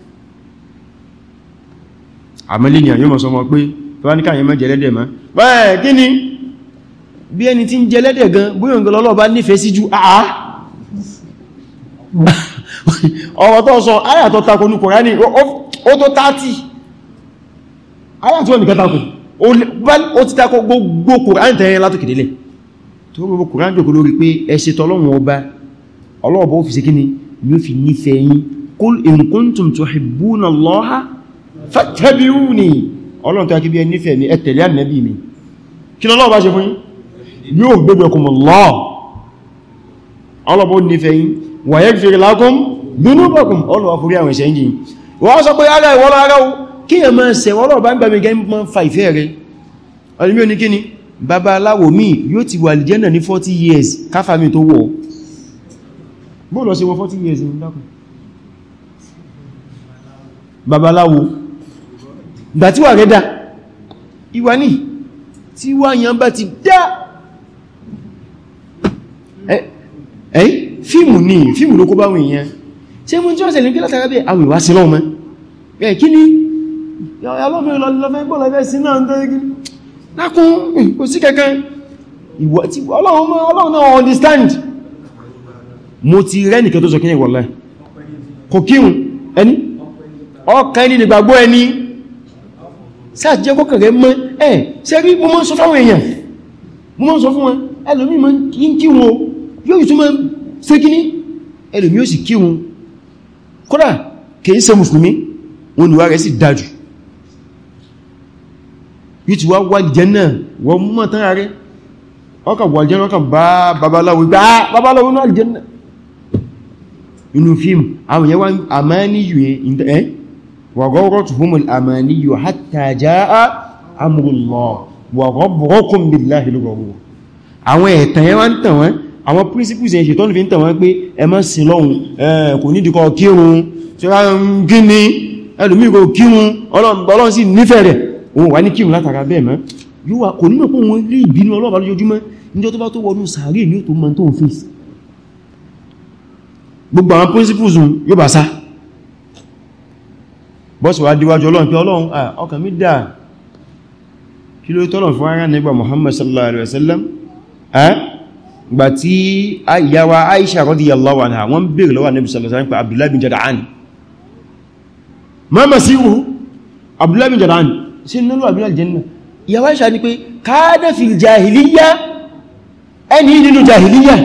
àmẹ́lẹ́ ni àyọ́mọ̀ sọmọ pé tọ́wáníkà yẹn mẹ́jẹ lẹ́dẹ̀ mọ́ bẹ́ẹ̀ kí ni bí ẹni tí ń jẹ lẹ́dẹ̀ gan bóyọ̀ngọ́ lọ́lọ́ bá nífẹ̀ẹ́ sí ju àá ọ̀rọ̀ tó sọ ayàtọ̀ tako ní Kùránì ó tó 30 ayàtọ̀ nìkan tako ó ti tako gbogbo Kùránì tẹ́yẹ látòkè délẹ̀ tó gbogbo Kùránì jòkó lórí pé ẹsẹ̀ tọ́lọ́run ọba ọlọ́ọ̀bọ̀ ó fi sí kíni yóò fi nífẹ̀ẹ́ yín Qul in kuntum tuhibbuna Allaha fattabi'uni ọlọ́run tó akíbí ẹni fẹ́ mi ẹ tẹ̀lé ànábì mi kí lọ́lọ́ bá ṣe fún yín yóò gbogbo ẹkùn lọ́ ọlọ́bọ̀ nífẹ́ yín wa yaghfir lakum dhunubakum ọlọ́wà fúrí àwọn ẹ̀ṣẹ̀ yìí wọ́n sọ pé ara ìwọ́lọ́ ara o kí ẹ ní kíni bàbá aláwò mi yóò 40 years káfà mi tó wọ́ bóòlọ́ 40 years ní dákùn bàbá gbà tí wà rẹ̀ dá ìwà ní tí wà yàn bá ti dá ẹ̀ fíìmù ní fíìmù ló kó bá wọn èèyàn ṣe mú tí wọ́n sẹ̀lẹ̀ pílátà rábẹ̀ àwọn ìwà sí lọ́mọ ẹ̀ kí ni ọlọ́mọ mo ti rẹ́ nìkan tó sọ kí ní wọ̀lẹ́ kò kírùn ẹni ọkàn ní nígbàgbọ́ ẹni sáàtì jẹ́ kọ́kàn rẹ̀ mọ́ ẹ̀ ṣe rí mo mọ́ sọ fáwọn èèyàn mo mọ́ sọ fún wọn ẹlòmí mọ́ kí ń kí wọn yóò yìí tún mọ́ ṣe kí ní ẹlòmí ó sì kí wọn kódà kìí ṣe mùsùlùmí wọn ni wá rẹ̀ sì dájú yìí ti wá wà jẹ́ náà wọ́n mọ́ tán rẹ̀ ọkà wà jẹ́ ọkà bá babaláwo gbá babaláwo náà jẹ́ náà inú fíìmù àwọn yẹn wá àmá níyù ẹ̀ وغورتهم الأماني حتى جاء أمر الله وغبركم بالله الغرور àwọn ẹ̀tàn yẹn wá ń tàn wọ́n àwọn principles yẹn ṣètọ́nù fi ń tàn wọ́n pé ẹ má sìn lọ́hun kò ní dìkọ kírun tí ó ń gí ní ẹlòmíì kò kírun Ọlọ́run sì nífẹ̀ẹ́ rẹ̀ òun wà ní kírun látara bẹ́ẹ̀ mọ́ yíwa kò ní ó tó principles yóò bọ́sù wá díwájú ọlọ́run pé ọlọ́run ọkàn mi dà kí ló tọ́lọ̀ fún ara nígbà Muhammad sallallahu alaihi wasallam gbà tí ìyá wa Aisha radiyallahu anha wọ́n bèèrè lọ́wọ́ Nabi sallallahu alaihi wasallam pé Abdullah bin Jada'an ma masiruhu Abdullah bin Jada'an sí nílò Abdullah janna ìyá wa Aisha ní pé kana fil jahiliya ẹni nínú jahiliya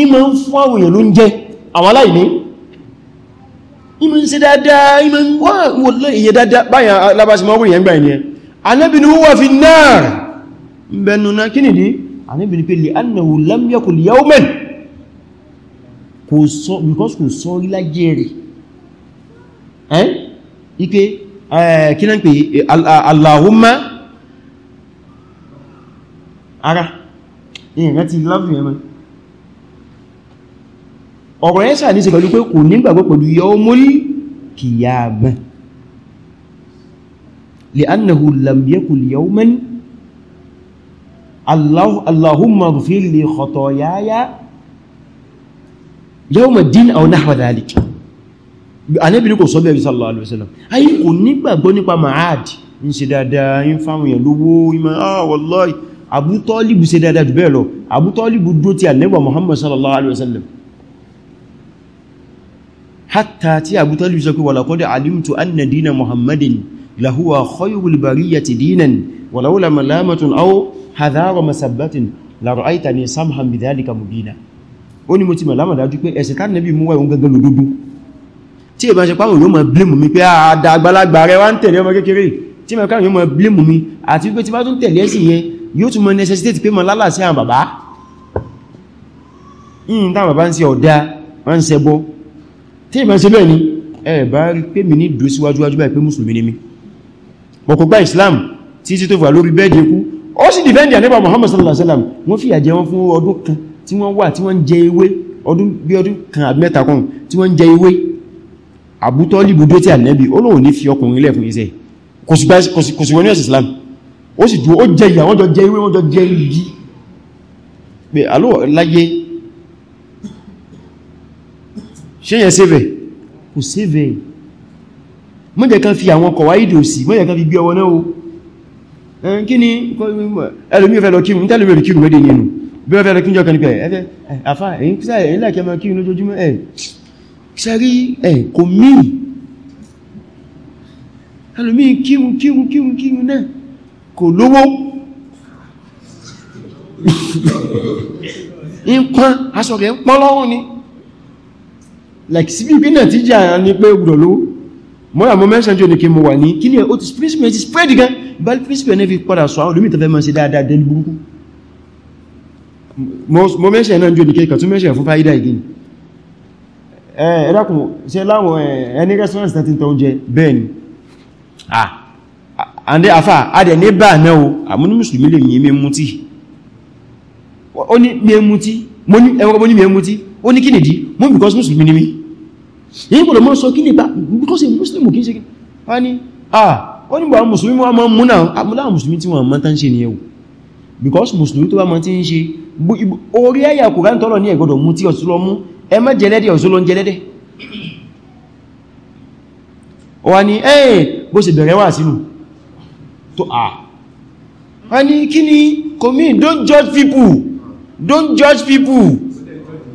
ìmọ̀ ń fún àwòyàn ló ń jẹ àwọn aláìní ìmọ̀ ń ṣe dáadáa ìmọ̀ ń wá wòlò èyẹ dáadáa báyàn alábáṣe mọ́ wòyàn gbà ìyẹn anábìnú wà fi náà bẹnu náà kí nìdí anábìnú pé lè annahu lam yakul yawman kò sọ because kò sọ rí lájẹ́ rẹ̀ ẹ́n Allahumma ara ìyẹn láti ọ̀rọ̀ yẹn sà ní ṣe pẹ̀lú pé kò nígbàgbọ́ pẹ̀lú yawmul qiyamah li'annahu lam yakul yawman allahumma ighfir li khataayaya yawmiddin aw nahwa dhalik anẹ́bìnrin kò sọ́bẹ̀ sallallahu alaihi wasallam ayé kò nígbàgbọ́ nípa ma'ad ń hatta tí Abu Talib sọ pé walaqad alimtu anna dina muhammadin lahuwa khayrul bariyati dinan walawla malamatun aw hadhara masabbatin la ra'aytani samhan bidhalika mubina ó ní mo ti malama dájú pé ẹ̀sìn kan nabi mú wá ohun gangan lódodo tí ẹ bá ṣe pawon yo ma blame mi pé a ah, da àgbàlagbà rẹ̀ wá ńtẹ̀lé ọmọ kékeré tí me kan yo ma blame mi àti pé tí bá tún tẹ̀lé ẹ̀sìn yẹn yóò tún mo necessitate pé mo lala se an bàbá in ta bàbá ńṣe oda wan se bo tí ìbá ṣe bẹ́ẹ̀ ni ẹ bá rí pé mi ní dùn síwájúwájú báyìí pé mùsùlùmí ni mi mọ̀kọ̀ gba Islam tí sí tó fà lórí bẹ́ẹ̀ jẹ́kú ó sì dìfẹ́ndì àníbà Muhammad sallallahu alaihi wasallam wọ́n fi àjẹ́ wọn fún ọdún kan tí wọ́n wà tí wọ́n jẹ ewé ọdún bí ọdún kan àbí mẹ́ta kan tí wọ́n jẹ ewé àbútọ́lìbù dó tí ànẹ́bì olóòní fi ọkùnrin lẹ̀ fún iṣẹ́ kò sí wọ́n ní ẹ̀sì Islam ó sì dúó ó jẹ ìyà wọ́n jọ jẹ ewé wọ́n jọ jẹ igi pé alóòláyé ṣe yẹn sẹ́fẹ̀ kò sẹ́fẹ̀ mọ́jẹ̀ kan fi àwọn kọ̀wá ìdè òsì mọ́jẹ̀ kan fi gbé ọwọ́ náà o kí ni ẹlòmí ọ̀fẹ́ lọ kírù ní tẹ́lòmí ọ̀fẹ́ kírù wẹ́dẹ̀ nínú bí ọ̀fẹ́ lọ kí jọ kan nípa ẹ̀fẹ́ àfá èyí kíṣà èyí láìkẹ́ mọ́ kírù lójoojúmọ́ ẹ̀ sẹ́rí ẹ̀ kò míì ẹlòmí kírù kírù kírù kírù náà kò lówó ń pọ́n aṣọ ni like síbí pé náà tí jà ní pé gbùdọ̀ ló mọ́ra mọ́ mẹ́sàn jò ní kí mo wà ní kí ní ó ti principle ti spread gan bá principle ní fi padà sọ àwọn olómìtàfẹ́ mọ́ sí dáadáa dẹni burúkú mọ́ mẹ́sàn náà jò ní kí kàtún mẹ́sàn Eh fáídà ìgbìn ẹ̀ẹ́dàkùn ṣe láwọn ẹni restaurant tàbí tó ń jẹ bẹ́ẹ̀ ah and afa adẹ̀ ní bá náà o àmúnú mùsùlùmí lè ní mẹ́mútí ó ní mẹ́mútí ó ní kí nìdí mú because mùsùlùmí ni mi yìí mọ́ sọ kí ní bá because a muslim kìí ṣe kí a ní ah ó nígbà musulmi wọ́n mọ́ múnà àmúlá musulmi tí wọ́n mọ́ tán ṣe ní ẹwù because musulmi tó bá mọ́ tí ń ṣe orí ẹ̀yà kòrán tọ́lọ ní ẹ̀gbọ́dọ̀ mú tí ọ̀sùlọ mú ẹ má jẹlẹ́dẹ̀ ọ̀sùlọ ń jẹlẹ́dẹ̀ wà ní ẹ̀yìn bó ṣe bẹ̀rẹ̀ wà sínú tó don't judge people don't judge people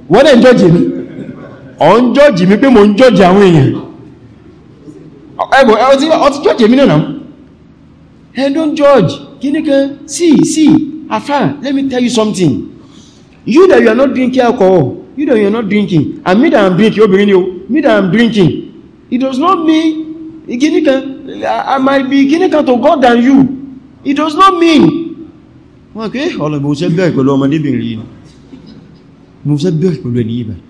wọ́n dẹ̀ judge me ọ ń jọ́jì mi pé mo ń jọ́jì àwọn èèyàn ẹgbò ọ ti jọ́jì mi náà ẹ don't judge kíní kan see see afá let me tell you something you that you are not drinking alcohol you that you are not drinking and me that I'm drinking obìnrin ni o me that I'm drinking it does not mean kíní kan I might be kíní kan to God than you it does not mean wọ́n kí ọlọ́gbọ̀ ṣẹ́ bẹ́ẹ̀ pẹ̀lú ọmọdébìnrin mo ṣẹ́ bẹ́ẹ̀ pẹ̀lú ẹni yìí báyìí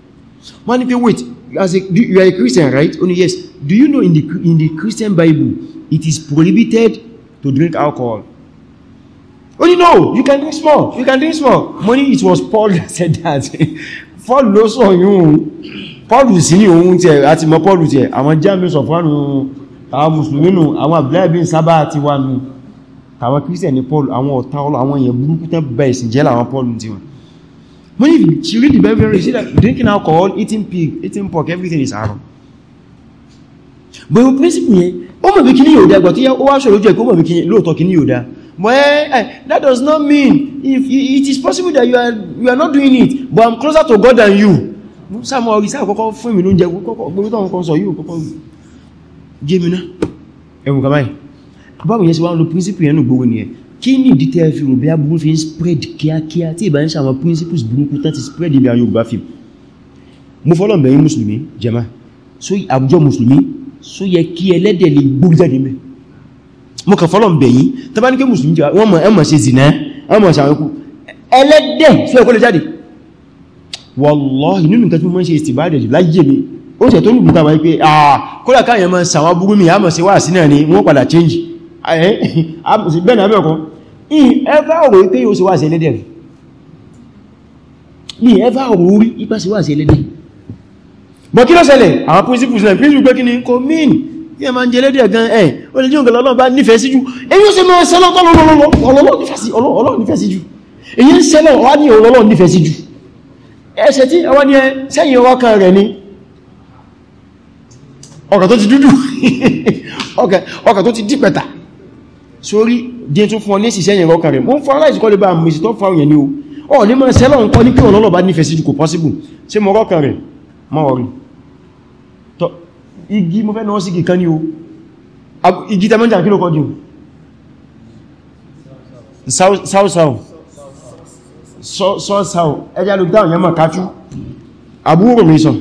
Man, if you wait as a, you are a Christian right only yes do you know in the, in the Christian Bible it is prohibited to drink alcohol only no you can drink small you can drink small money it was Paul that said that Paul ló sọ you. Paul sí ní ohun unte. ẹ̀ àti mọ́ Paul tí ẹ̀ àwọn James of one àwọn Mùsùlùmí nù àwọn abdullahi sábà ti wà nù àwọn Christian ni Paul àwọn ọ̀tá ọlọ́ àwọn èèyàn burúkú tán bẹ̀ẹ̀sì jẹ́ láwọn Paul unte. wọn when you, she read the Bible, you see that drinking alcohol, eating pig, eating pork, everything is haram. But the principle yẹn, ó mọ̀ bí kí ní yóò dá, gbàtí ó wá ṣòro jẹ́ kó mọ̀ bí kí lóòtọ́ kí ní yóò dá. But eh, eh, that does not mean if it is possible that you are, you are not doing it, but I'm closer to God than you. Sáàmù ọ̀rí sáà kọ́kọ́ fún mi ló ń jẹ gbogbo kan sọ you. kọ́kọ́ jẹ́ mi náà. Ẹwùn kàmáì. Báwo yẹn sí wá ń lo principle yẹn nù gbogbo nìyẹn kí ní ìdítẹ́ fi rò bí fi ń spread kíákíá tí ìbá ń sàwọn principles burúkú tán ti spread ibi ayogba fi mú fọ́lọ̀bẹ̀ yí musulmi jẹma so àwùjọ musulmi so yẹ kí ẹlẹ́dẹ̀ lè gbójáde mẹ́ mú kà fọ́lọ̀bẹ̀ yí tàbá ní kí musulmi jẹ wọ́n mọ̀ ẹmọ̀ ṣe zìnà ẹmọ̀ sàwẹ́kú ẹlẹ́dẹ̀ so ẹkọ́ lè jáde wallahi nínú nǹkan tí mo mọ́ ṣe ìsìbádẹ̀ láyé mi ó sì tó ní ìbúta wáyé pé ah, bẹ́ẹ̀nà abẹ́ọ̀kọ́ ẹfà ọ̀rọ̀ pé yóò ṣe wá sí ẹlẹ́dẹ̀ rí ní ẹfà ọ̀rọ̀ orí ipá sí wá sí ẹlẹ́dẹ̀ bọ̀ kí ló ṣẹlẹ̀ àwọn principles náà principle pé kí ni kò mean kí ẹ ma ń jẹ ẹlẹ́dẹ̀ gan ẹ̀ o lè jẹ́ ọ̀gọ̀lọ́lọ́ bá nífẹ̀ẹ́ sí jù èyí ó ṣe mọ́ ṣẹlọ́ ọlọ́lọ́ nífẹ̀ẹ́ sí jù èyí ń ṣẹlọ́ wá ní ọlọ́lọ́ nífẹ̀ẹ́ sí jù ẹ̀ṣẹ̀ tí ẹwà ní ẹ sẹ́yìn ọwọ́ kan rẹ̀ ni ọkà tó ti dúdú ọkà tó ti dípẹ̀ta sórí díẹ̀ tún fún ọ ní ìsìsẹ́ ìyẹn ọkàn rẹ̀ mọ́ fún aláìsí kọ́ lè bá mẹ́sì tó fáwọn yẹn ni o ọ ní máa sẹ́lọ̀ ń kọ́ ní pé ọlọ́lọ́ bá nífẹ̀ẹ́ sí jù kò pọ́síbù sí mọ́ ọkàn rẹ̀ mọ́ ọ̀rí tọ́ igi mo fẹ́ náà sí kìkan ni o igi tẹ́mọ́jà kí ló kọ́ jù sọ́ọ̀sọ́ ẹjá ló dáhùn yẹn mọ̀ kájú àbúrò mi sọ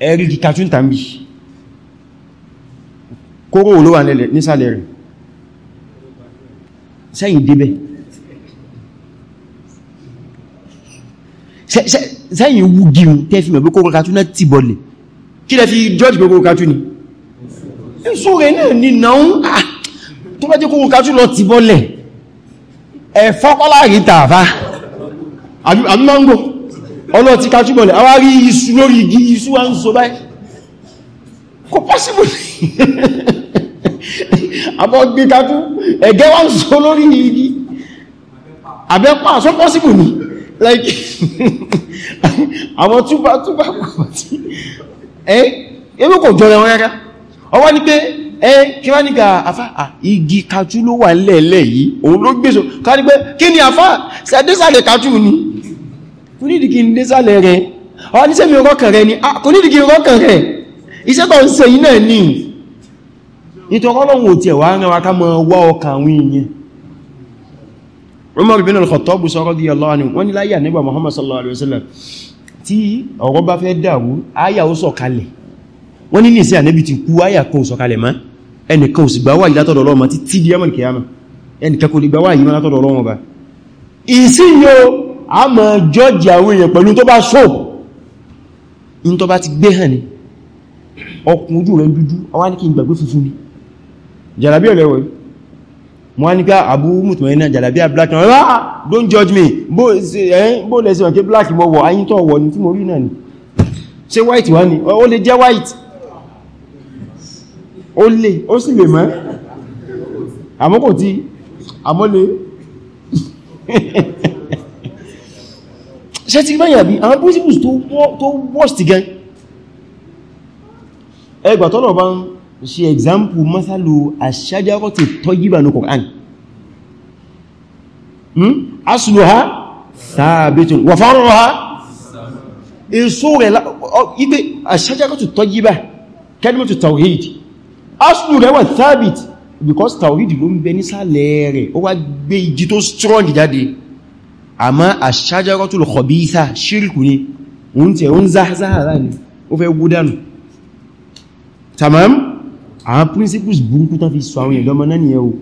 ẹ̀rí kí kájú ń tàbí kóró olówà nísàlẹ̀ rẹ̀ sẹ́yìn débẹ̀ sẹ́yìn wú gíun tẹ́ fi mẹ̀bí kókò kàtún náà ti bọ̀lẹ̀ kí lẹ fi george pé kókò kàtún ni ẹ̀sù rẹ̀ náà ni náà ah, tó bá jẹ́ kókò kàtún lọ ti bọ̀lẹ̀ ẹ̀fọ́kọ́lá rí tààfà àbí mango ọlọ́ ti kàtún bọ̀lẹ̀ àwá rí iṣu lórí igi iṣu wá ń so báyìí àbọ̀ gbé kakú ẹ̀gẹ́ wá ń so lórí igi àbẹ́pà so possible ni like àwọn túbá túbá pàpà tí ẹ́ ebí kò jọ ẹ̀wọ̀n rárá ọwọ́ ni pé ẹ kí wá nígbà àfá igi kajú ló wà lẹ́ẹ̀lẹ́ yìí òun ló gbé so ká ní pé kí ni àfá sẹ́dẹ́sàlẹ̀ kajú ni kò nídìí kí n dẹ́sàlẹ̀ rẹ̀ ọ ní sẹ́mi rọ́kàn rẹ̀ ni kò nídìí kí n rọ́kàn rẹ̀ iṣẹ́ tó ń ṣe yìí náà ni nítorí ọlọ́run ò tí ẹ̀wà rán wa ká mọ́ wá ọkà àwọn èèyàn Umar bin al-Khattab wọ́n ní láyà nígbà Muhammad sallallahu alaihi wasallam tí ọ̀rọ̀ bá fẹ́ dàrú áyà ó sọ̀kalẹ̀ wọ́n ní nìsí ànẹ́bì ti kú áyà kan ó sọ̀kalẹ̀ mọ́ ẹnìkan ò sì gbà wáyìí látọ̀dọ̀ Ọlọ́run ma títí di ẹmọ̀ kìyàmà ẹnìkan kò lè gbà wáyìí látọ̀dọ̀ Ọlọ́run ọba ìsí yo a mọ̀ jọ́jì àwọn èèyàn pẹ̀lú tó bá sọ in tó bá jalabi ọ̀lẹ́wọ̀ mọ́ ní ká Abu Mutmainna jalabi black náà ah, don't judge me bó lẹ́sẹ̀ ọ̀kẹ́ black mọ́ wọ̀ ayín tó wọ̀ ní tí mo rí náà ni ṣe white wá ní ó lè jẹ́ white ó lè ó sì lè mọ́ àmọ́ kò tí àmọ́ lè ṣe ti gbáyà bí àwọn to tó worst gan ẹgbà to bá ń ṣe example masalu aṣájárọ́tì tọ́yíbà ní Qur'an hmm? asluha thabitun wà far'uha èso rẹ̀ ibẹ̀ aṣájárọ́tì tọ́yíbà kalimatu tawhid aslu rẹ̀ wà thabit because tawhid ló ń bẹ nísàlẹ̀ rẹ̀ ó wá gbé igi tó strong jáde àmá aṣájárọ́tì ni oúnjẹ oúnjẹ záhàzáhà ní ó fẹ́ gúdánù tamam àwọn principles burúkú tán fi sọ àwọn ìdọ́mọ náà nìyẹn o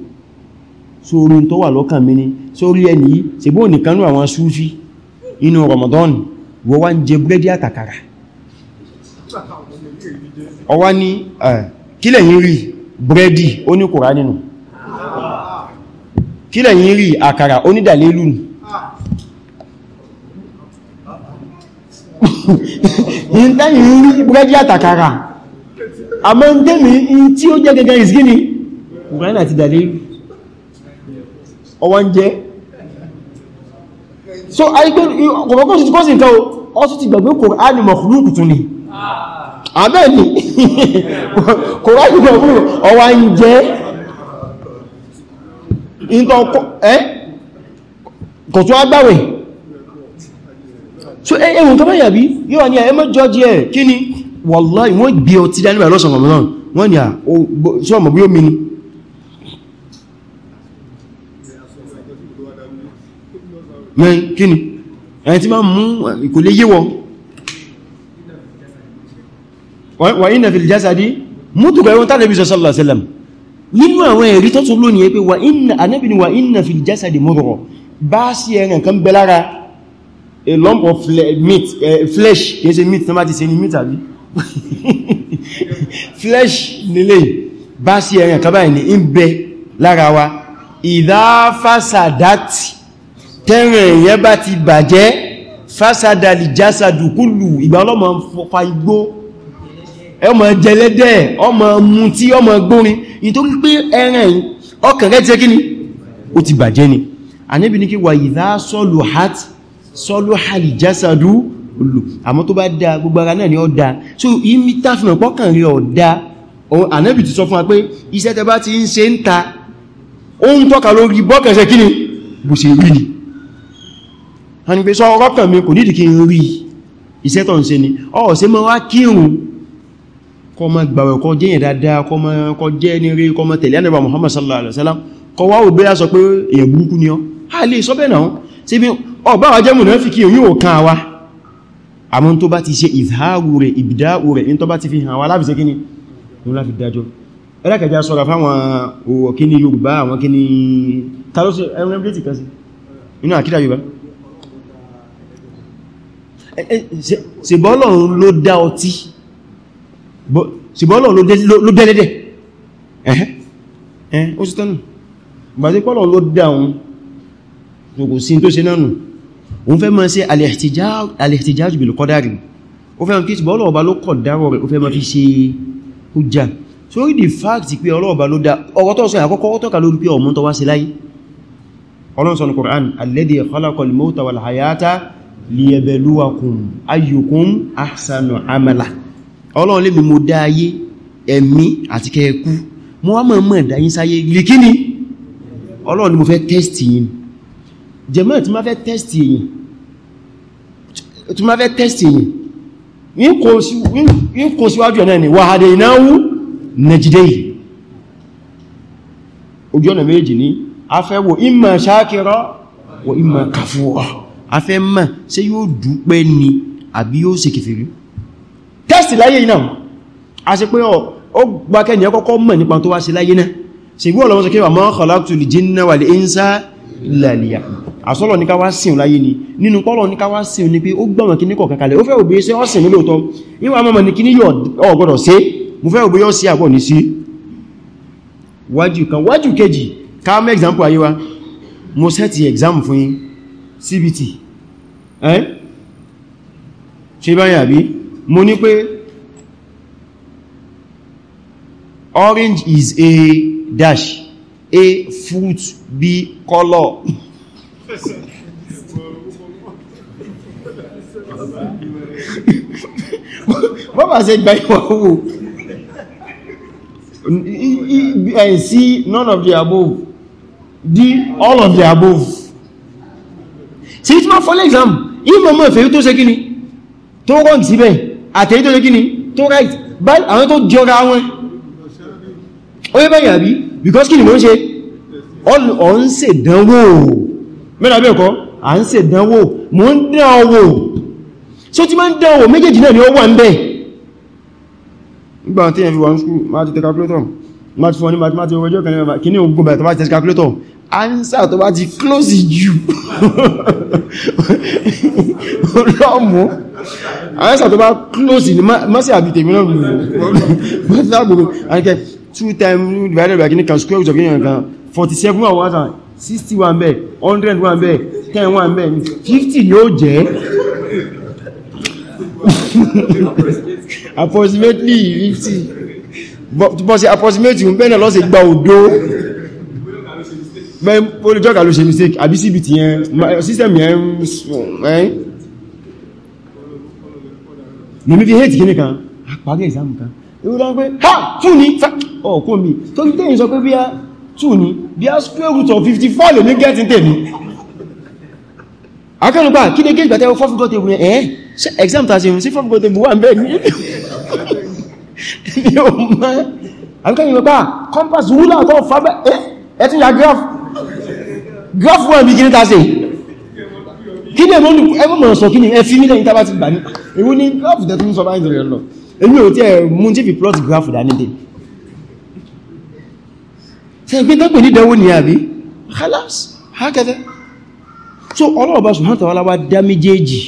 so orí tó wà lọ́kàn mi ni so orí ẹni yìí ṣe bó nìkan ní àwọn súfí inú Ramadan wọ́n wá ń jẹ búrẹ́dì àtàkàrà ọwá ní kílẹ̀ yìí rí búrẹ́dì ó ní kòrá nínú kílẹ̀ yìí rí àkàrà ó ní dàlélù ní àmọ́ ń tẹ́mì tí ó jẹ́ gẹ́gẹ́ ìsgíní Kùránì àti dalil ọwọ́ ń jẹ́ so àìgbé ọkọ̀kọ́ sí kọ́sí nǹkan ó sì ti gbàgbé Kùránì mọ̀kúlùkù tún ni àmẹ́ ah, ni Kùránì mọ̀kúlùkù ọwọ́ ń jẹ́ kọ̀tún agbáwẹ̀ so ẹ̀yẹ̀wò tó mẹ́yàbí yíò ní ẹ̀mọ́ jọ́jì ẹ̀ kí ni wallahi wọ́n gbé ọtí dání bá lọ́sàn ramadan wọ́n ni à ṣọ́ ọmọ bí ó mi ni mẹ́rin kí ni ẹni tí máa mú kò lè yíwọ wà inna fil jasadi mútùkọ ẹwọ́n tàbí sallallahu alaihi wasallam nínú àwọn ẹ̀rí tó tún lónìí pé wà inna anábìnrin wà inna fil jasadi mudghah bá sí ẹran kan bẹ lára a lump of meat, uh, flesh kìí ṣe meat tó má ti ṣe ni meat àbí flesh nílé bá sí ẹ̀rẹ̀ kan báyìí ní ń bẹ lára wa ìdá fásadàtì tẹ́rẹ̀ ẹ̀yẹ bá ti bàjẹ́ fásadàlì jásàdù kúlù ìgbà ọlọ́mọ fọpa igbó ọmọ jẹlẹ́dẹ̀ ọmọ mutí ọmọ gbórin nítorí pé ẹ̀rẹ̀ ọkàn rẹ̀ ti kíni ó ti bàjẹ́ ni àníbi ní kí wà ìdá sọ́lù hàt sọ́lù hàlì jásàdù lò àmọ́ tó bá dá gbogbo ara náà ni ó dá so imi tafihàn pọ́kàn rí ọ̀dá ànábì ti sọ fún wa pé iṣẹ́ tẹ bá ti ń ṣe ń ta ó ń tọ́ka lórí bọ́kẹ̀ṣẹ́ kí ni bù ṣe rí ni a ni pé sọ ọkàn mi kò nídìí kí n rí iṣẹ́ tó ń ṣe ni ọ̀ sí mọ́ wá kírun kọ ma gbàwẹ̀ kọ jẹ́yìn dáadáa kọ ma kọ jẹ́ ní rí kọ ma tẹ̀lé ànábì Muhammad sallallahu alaihi wasallam kọ wá òbẹ́ sọ pé èyàn burúkú ni ọ́ a lè sọ bẹ́ẹ̀ náà ṣe bí ọ̀bá wa jẹ́ mùnáfíkì yóò kan wa àmọ́ tó bá ti ṣe ìzáàrù rẹ̀ ìbìdáàrù rẹ̀ in tó bá ti fi hàn wá láfi ṣe kíni wọ́n láfi dájọ́ ẹlẹ́kẹjá sọ́ra fáwọn òwò kíni Yorùbá àwọn kíni tàlọ́sọ ẹran ẹbílẹ̀tì kan sí inú àkídà Yorùbá ṣèbọ́lọ̀ òun fẹ́ máa ṣe al-ihtijaj bil qadari ó fẹ́ máa kí ṣùgbọ́n ọlọ́ọ̀bá ló kọ̀dárọ̀ rẹ̀ ó fẹ́ máa fi ṣe hujja sórí the fact pé ọlọ́ọ̀bá ló dá ọ̀rọ̀ tó sọ àkọ́kọ́ tó kà lórí pé ọmọ tó wá sí láyé Ọlọ́run sọ mo dá ayé ẹ̀mí àti kẹ́ẹ̀kú mo wá mọ̀ mọ̀ dáyín sáyé lè kíni mo fẹ́ test yìí jẹmọ́ tí ma fẹ́ test èyàn tí ma fẹ́ test èyàn ní kò síwájú ẹ̀nà ni wà hàdè ìnáwó nàìjíríà ojú ọ̀nà méjì ní a fẹ́ wò ìmà ṣákírọ́ wọ ìmà kàfúwà a fẹ́ mọ̀ ṣé yóò dúpẹ́ ni àbí yóò ṣe kèfèrí test láyé iná a ṣe pé ó gbákẹ́ ni ẹkọ́kọ́ mọ̀ nípa tó wá sí láyé náà ṣe gbọ́ ọlọ́wọ́sọ kí wà ma khalaqtu al-jinna wal-insa illa liya'budun àsọ́lọ̀ ní ká wá sìn láyé ni nínú pọ́lọ̀ ní ká wá sìn ní pé ó gbọ́nà kí ní kọ̀ kàkàlẹ̀ ó fẹ́ òbí ṣe ọ́sìn ní lóòtọ́ níwà mọ́mọ̀ ní kí ní yọ ọ̀gọ́dọ̀ ṣe mú fẹ́ òbí yọ́ sí àgbọ̀ ní sí wájú kan wájú kejì ká mẹ́ example ayé wa mo sẹ́tì exam fún CBT ẹ́ ṣe báyìí àbí mo ní orange is a dash a fruit b color wọ́n bá ṣe gba ìwà owó c none of the above d all of the above ṣe tí ma fọ́lẹ̀ exam ìmọ̀ mọ̀ fèyí tó ṣe kíni tó wrong síbẹ̀ àtẹ́yí tó ṣe kíni tó right báyìí àwọn tó jọra wọn ó yẹ́ báyìí àbí because kíni mọ́ ń ṣe ọ̀n ṣèdánwò mẹ́ra bẹ́ẹ̀kọ́ à ń ṣe dánwò mò ń dánwò so ti ma ń dánwò méjèèjì náà ni ó wà ń bẹ́ nígbà tí yẹn fi wà ń skú máa ti tẹ calculator máa ti fọ́ ní mathematics ọjọ́ kan náà kí ní ogun bẹ̀rẹ̀ tó bá ti tẹ calculator answer tó bá ti close jù lọ́mù answer tó bá close ní mọ́sí àbí tèmi náà gbogbo 2 times divided by kìnnìkan square root of kìnnìkan 47 hours 61 bẹ́ẹ̀ 100 wà bẹ́ẹ̀ 10 wà bẹ́ẹ̀ 50 ni ó jẹ́ approximately 50 bọ́ sí approximately ń bẹ́ẹ̀ lọ́sẹ̀ gba òdó olùjọ́gà ló ṣe mistake àbí síbi tí yẹn system yẹn ẹ́n nìmí fi hate gíní kan àpàrí exam kan ewu lọ́n pé ha fún ní ọkùn mi tó kí tẹ́yìn sọ pé bí i 2 ni bí a square root of 54 lè ní gẹ́ẹ̀tì tèmi akẹ́lùgbà kí ní gẹ́ẹ̀gbà tẹ́wọ́ fọ́fún gọ́tẹ̀ ìwòyàn ẹ́ exam tàṣí sí fọ́fún gọ́tẹ̀ ìwòyàn bẹ́ẹ̀ ní ní o mọ́ akẹ́lùgbà compass ruler tó fábẹ́ ẹ́ tún ya graph graph wọn bí kí ní tàṣí kí ní ẹmọ́ mọ̀ sọ kí ní ẹ fi mílẹ̀ ní tàbátì gbà ní ewu ní graph tẹ́ tún sọ báyìí rẹ̀ lọ èmi ò tí ẹ̀ mú tí fi plot graph dání dé tí ẹgbẹ́ tó pè ní ìdánwò ní àbí khalas hákẹ́tẹ́ so ọlọ́ọ̀bá subhanahu wa ta'ala wá dá méjèèjì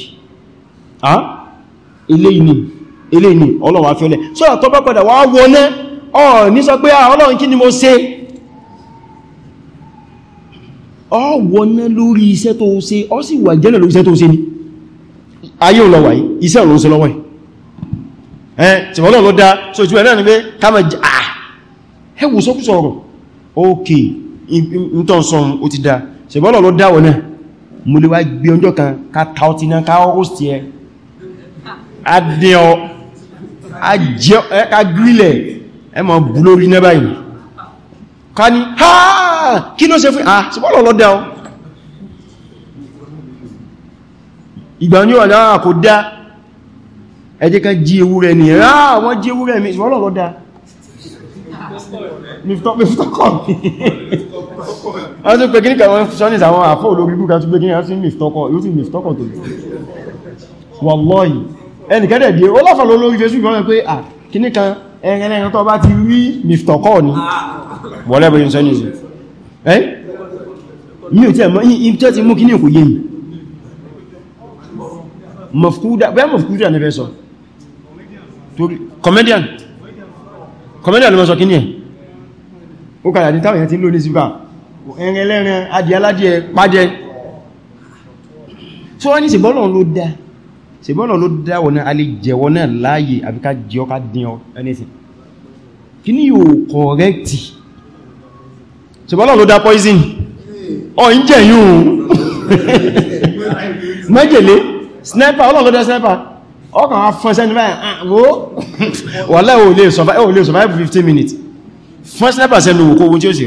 eléyìí eléyìí ọlọ́wà fẹ́lẹ̀ so àtọ́ bá padà wá wọlé ọ̀ ní sọ pé ọlọ́run kí ni mo ṣe ọ wọná lórí iṣẹ́ tó ṣe ọ sì wà jẹ́lẹ̀ lórí iṣẹ́ tó ṣe ní ayé olọ́wà iṣẹ́ òun ṣe lọ́wọ́ ẹ̀ tí wọ́n lọ́dá so ìtúwẹ̀ náà ni pé ká mẹ́ ẹwù sọ́kúsọ̀rọ̀ ókè ìtọ́ sọun o ti dá ṣẹ̀bọ́lọ̀ ló dáwọ̀ náà mo lè wá gbé ọjọ́ kan ká ta ọtí náà ká ọ́rọ̀sì ẹ adẹ́ọ ká gílẹ̀ ẹ ma bú lórí náà báyìí ká ní ha kí ló ṣe fún ah ṣẹ̀bọ́lọ̀ ló dáwọ̀ ìgbà ní ọ̀nà àkódá ah, ẹjẹ́ ká jí ewúrẹ́ ni ráà ah, wọ́n jí ewúrẹ́ mi ṣẹ̀bọ́lọ̀ ló dáa mìfítọ́kọ̀ mi wọ́n tún pé kí ní kàwọn ṣọ́nìs àwọn àfọ́ olórin búkà tún pé kí ní àwọn mìfítọ́kọ̀ yóò sì mìfítọ́kọ̀ tó lè wọ́lọ́yìn ah, ẹnìkẹ́dẹ̀ dé ó láfà lórí fẹ́ ṣùgbọ́n pé à kí ní kan ẹ̀rẹ́rẹ́ tó bá ti rí mìfítọ́kọ̀ ni wọ́lẹ́bẹ̀ yóò sẹ́ni sí ẹ́ yíò tí ẹ̀mọ́ ìtẹ́ ti mú kí ní òkú yé mi mọ̀fúdà bẹ́ẹ̀ mọ̀fúdà ní fẹ́ sọ comedian kọmẹ́dà ló mọ́ sọ kí ní ẹ̀ ó kàdà ní táwọn èèyàn ti ń lò ní síbà ẹ̀rìn ẹlẹ́rin adìẹ aládìẹ pàjẹ tí wọ́n ní ṣèbọ́lọ̀ ló dá ṣèbọ́lọ̀ wọ́n náà alè jẹ́wọ́ náà láàyè àbí jẹ́ ọká dín ọ anything kí ní yóò kọ̀rẹ́kì ṣèbọ́lọ̀ ló dá poison ọ ń jẹ́ yóò májèlé sniper ọkàn wá fún ẹsẹ́ níbẹ̀ ah, wo wọ́n lẹ́ o lè survive 15 minutes fún ẹsẹ́ nípa sẹ́nu òkú ohun tí ó sì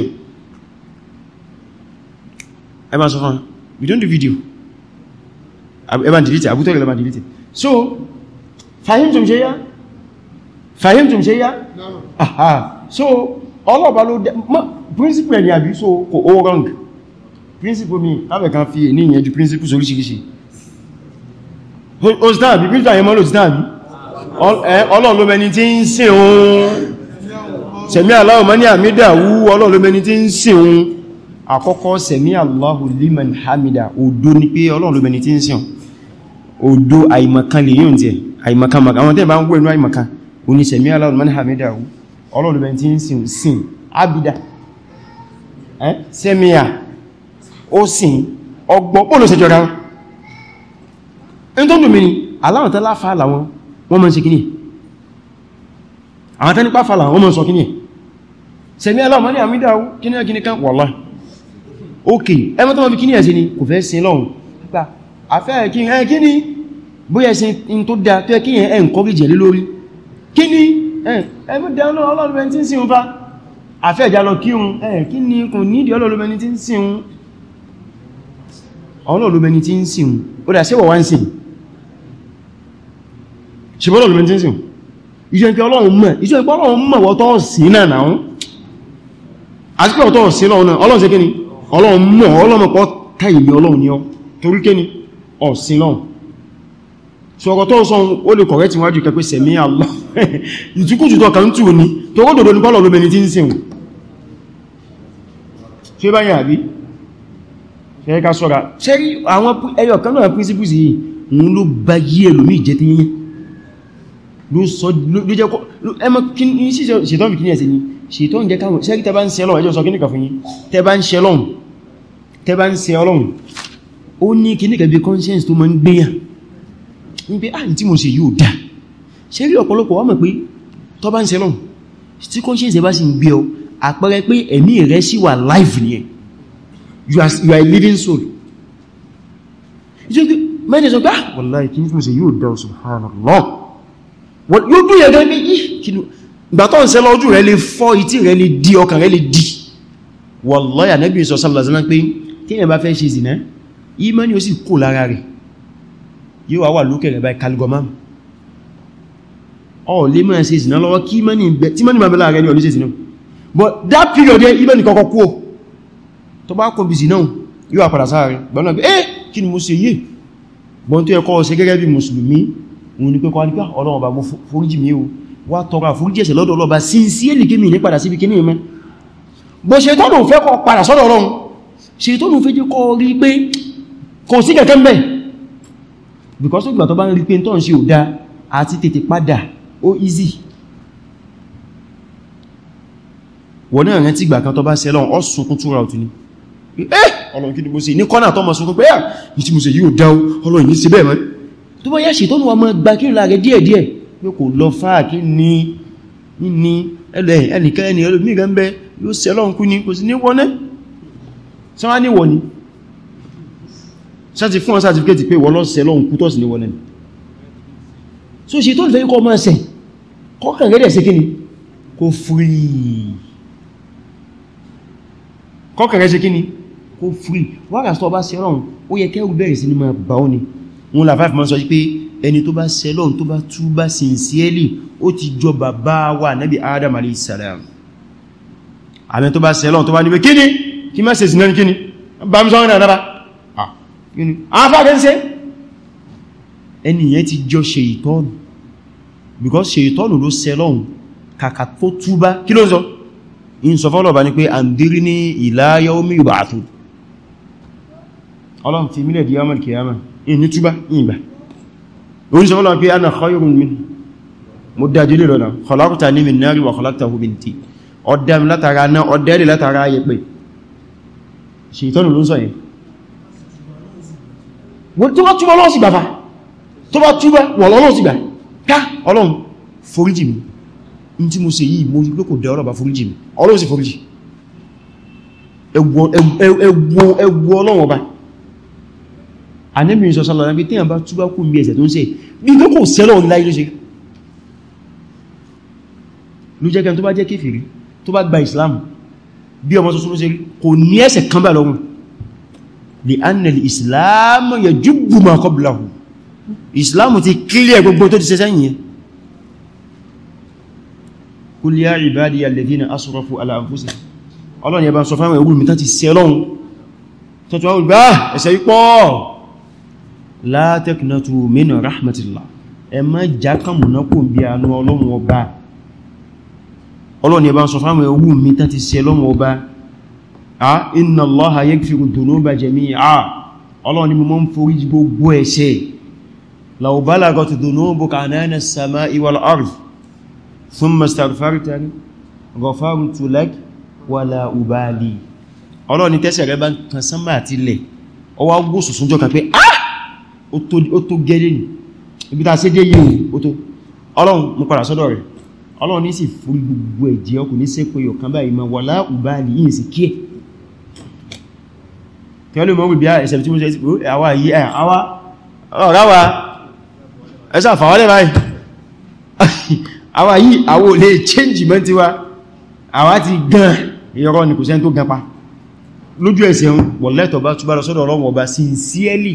we don't do video ẹbá dìlítì àbútọ́ ìlẹ́bá dìlítì so fahim tó ń ṣe yá fahim tó ń ṣe yá so ọlọ́ọ̀bá ló dẹ principle ẹni àbí so kò overgang principle mi á mẹ́kan fi èní ìyẹn ju principle oríṣiríṣi o zidane bí christian yẹn mọ́ lò zidane ọlọ́run ló mẹni tí ń sìn oun sẹ̀mí aláhù mọ́ ní àmìdà wú ọlọ́run ló mẹni tí ń sìn oun àkọ́kọ́ sẹ̀mí aláhù liman hamida òdó ni pé ọlọ́run ló mẹni tí ń sìn òdó àìmọ̀kan lè yíò jẹ́ àìmọ̀kan mọ̀kan àwọn tẹ́ẹ̀ bá ń gbọ́ inú àìmọ̀kan o ní sẹ̀mí aláhù mọ́ ní àmìdà wú ọlọ́run ló mẹni in tó dùn mí ni aláwọn tẹ́lá fa làwọn wọ́n mọ́ sí kíní àwọn tẹ́lá fa làwọn wọ́n mọ́ sọ kíní sẹ̀mí aláwọn ní àmìdá kíní kíní kan wà láì ok ẹmọ́ tó mọ́ bí kíní ẹ̀sìn ni kò fẹ́ sin lọ́hun pípa afẹ́ kíní bóyẹ̀ sin tó dá tó yẹ kíyẹn ẹ̀ ń kọ́rí jẹ̀ lórí kíní ẹmọ́ dá ọlọ́run tí ń sin fa afẹ́ ìjà lọ kí un ẹ̀ kíní kò nídìí ọlọ́run tí ń sin un ọlọ́run tí ń sin un ó dà sí wọ̀ wá ń sin un ṣe bọ́lọ̀ lómi tí ń sìn iṣẹ́ ìpẹ́ ọlọ́run mọ̀ iṣẹ́ ìpẹ́ ọlọ́run mọ̀ wọ́n tọ́ sí náà náà àsìkò ọ̀tọ́ sí náà ọlọ́run ṣe kíni ọlọ́run mọ̀ ọlọ́run pọ̀ táìmì ọlọ́run ni ọ torí kíni ọ̀sìn náà ṣọ̀rọ̀ tó sọ ó lè kọ̀rẹ́ tí wájú kẹpẹ́ sẹ̀mí Allah ìtukùjù tó kà ń tù ní tó ó dòdò ní bọ́lọ̀ lómi ní tí ń sìn ṣe báyìí àbí ṣe ká sọ́ra ló bá yí ẹlòmí ìjẹ́ tí yíyìn ló sọ ló jẹ́ kó ẹmọ kí ṣètọ́n fi kí ní ẹ̀sẹ̀ ni ṣètọ́n jẹ́ káwọn ṣẹ́kí tẹ́ bá ń ṣe ọlọ́run ẹjọ́ conscience tó máa ń gbé yàn ń pé à ah, ń tí mo ṣe yóò dá ṣe conscience bá sì ń gbé ọ àpẹẹrẹ pé ẹ̀mí rẹ̀ sì wà live nìyẹn you are, you are a living soul mẹ́rin sọ pé ah wàláì kí ní tí mo yóò dá subhanallah yóò dún yẹ̀gẹ́ méjì kìlú ìgbàtọ̀ ìṣẹ́ lọ́jú rẹ̀ lè fọ́ ìtí rẹ̀ lè di ọkàn rẹ̀ lè di wallahi Ànábì sọ sálàzánà pé tí ẹ bá fẹ́ ṣe zìnà yí mọ́ ni ó sì kó lára rẹ̀ yóò wà wà lókè rẹ̀ báyìí kalgomam ọ lè mọ́ ṣe zìnà lọ́wọ́ kí mọ́ ni bàbá rẹ̀ ní ọdún ṣe zìnà but that period yẹ ibẹ̀ nìkan kọkú tó bá kọ bí zìnà yóò àpàdà sáà rẹ̀ gbọ́nà pé eh kí ni mo ṣe yìí gbọ́n tó yẹ kọ́ ọ ṣe gẹ́gẹ́ bí òun ni pé kọ́ nípa ah, ọlọ́run bá foríjì mi o wá tọrọ àforíjì ẹ̀ṣẹ̀ lọ́dọ̀ ọlọ́ba sí sí èlì kí mi ní padà síbi kíní mẹ́ bó ṣe tó lò fẹ́ kọ́ padà sọ́dọ̀ ọlọ́run ṣe tó lò fẹ́ jẹ́ kọ́ rí pé kò sí kẹ̀kẹ́ mẹ́ because ó gbà tó bá ń rí pé tó ń ṣe ò dá àti tètè padà ó easy wọ́n náà rántí ìgbà kan tó bá sẹ́lọ́n ó sunkún túnra òtún ni eh ọlọ́run kí ni mo ṣe ní kọ́nà tó mọ̀ sunkún pé ah ní tí mo ṣe yóò dá ọlọ́run ní sí bẹ́ẹ̀ mọ́ tó bá yá ṣètọ́nù ọmọ gba kí n láàrẹ díẹ̀díẹ̀ pé kò lọ fáà kí ní ní ẹnìkan ẹni ẹlòmí rẹ̀ ń bẹ yóò sẹ lọ́n kú ní kò sí ní wọ́nẹ́ sánwá ní wọ́n ní so ṣe tó ń fẹ́ kọ́ máa sẹ kọ́kàn rẹ̀ sí kíni kò fúrí kọ́kàn rẹ̀ sí kíni kò fúrí wọ́n rà ó yẹ kẹ́rù bẹ̀rẹ̀ sí ní máa bá ó wọn la fáfí mọ́ sọ pé ẹni tó bá sẹ́lọ́n tó bá túbá sincerely ó ti jọ bàbá wa nábi adam alayhis salam àmì tó bá sẹ́lọ́n tó bá ní pé kíni kí má ṣe sí náà kíni bá mú sọ́rọ̀ dára àfáàkẹ́sẹ́ ẹni ti because ṣe ìtọ́nù ló sẹ́lọ́n kàkà tó túbá kí ló ń sọ in sọ fọ́lọ̀ bá ní pé àndírí ní ila yawmi yub'athun mílẹ̀ di yamal ìní túbá ìgbà oníṣẹ́ ọlọ́ pé ana khayrun min mo dájú lè lọ́nà khalaqtani min nari wa khalaqtahu min tin ọdẹ́m látara náà ọdẹ́lẹ̀ látara yẹ̀pẹ̀ ṣètọ́nù ló ń sọ yẹn tó bá túbá lọ́wọ́ sí gbàfà tó bá túbá wọ̀ lọ́wọ́ sí gbà ká ọlọ́run foríjì mi in tí mo ṣe yìí mo anẹ́bìnrin sọ sọ́lọ́rọ̀ bí tíyàn bá túbá kú bí ẹ̀ṣẹ̀ tó ń ṣe bí tó kò sẹ́lọ̀ láì ló ṣe ló jẹ́ kẹ́ tó bá jẹ́ kéfèrí tó bá gba Islam bí ọmọ tó súnmọ́ ṣe kò ní ẹ̀ṣẹ̀ kan bá lọ́rùn lè annal Islam yẹ jùgbù ma qablahu Islam ti kílẹ̀ gbogbo tó ti ṣe sẹ́yìn yẹn qul ya ibadiya alladhina asrafu ala anfusihim ọlọ́run yẹ bá sọ fáwọn ẹ̀wùn mi tán ti sẹ́lọ́run tó tó wọ́n gbá ah, ẹ̀ṣẹ̀ yìí pọ̀ la taqnatu min rahmatillah ẹ má jákàmùná kò bí anú ọlọ́run ọba ọlọ́run ni ẹba ń sọ fáwọn ẹwú mi tán ti ṣe ọlọ́run ọba a inna Allaha yaghfiru dhunuba jami'a ọlọ́run ni mo mọ́ ń forí gbogbo ẹ̀ṣẹ̀ law balagat dhunubuka anana as-sama'i wal ardi thumma kan pé á ó tó gẹ́lé ní ibi ta ṣe dé yìí ó tó ọlọ́run mú padà sọ́dọ̀ rẹ̀ ọlọ́run ní sì fún gbogbo ẹ̀jẹ́ ọkù ní sí pé ọ̀kan báyìí ma wà láàúbáàlì yìí sí kí ẹ̀ kẹ́lú mọ́ bí i ẹ̀ṣẹ̀ change mọ́ tiwa gan ìrọ́ ni kò lójú ẹ̀sẹ̀ wọ̀lẹ́tọ̀ bá túbára sọ́dọ̀ ọlọ́run ọba sincerely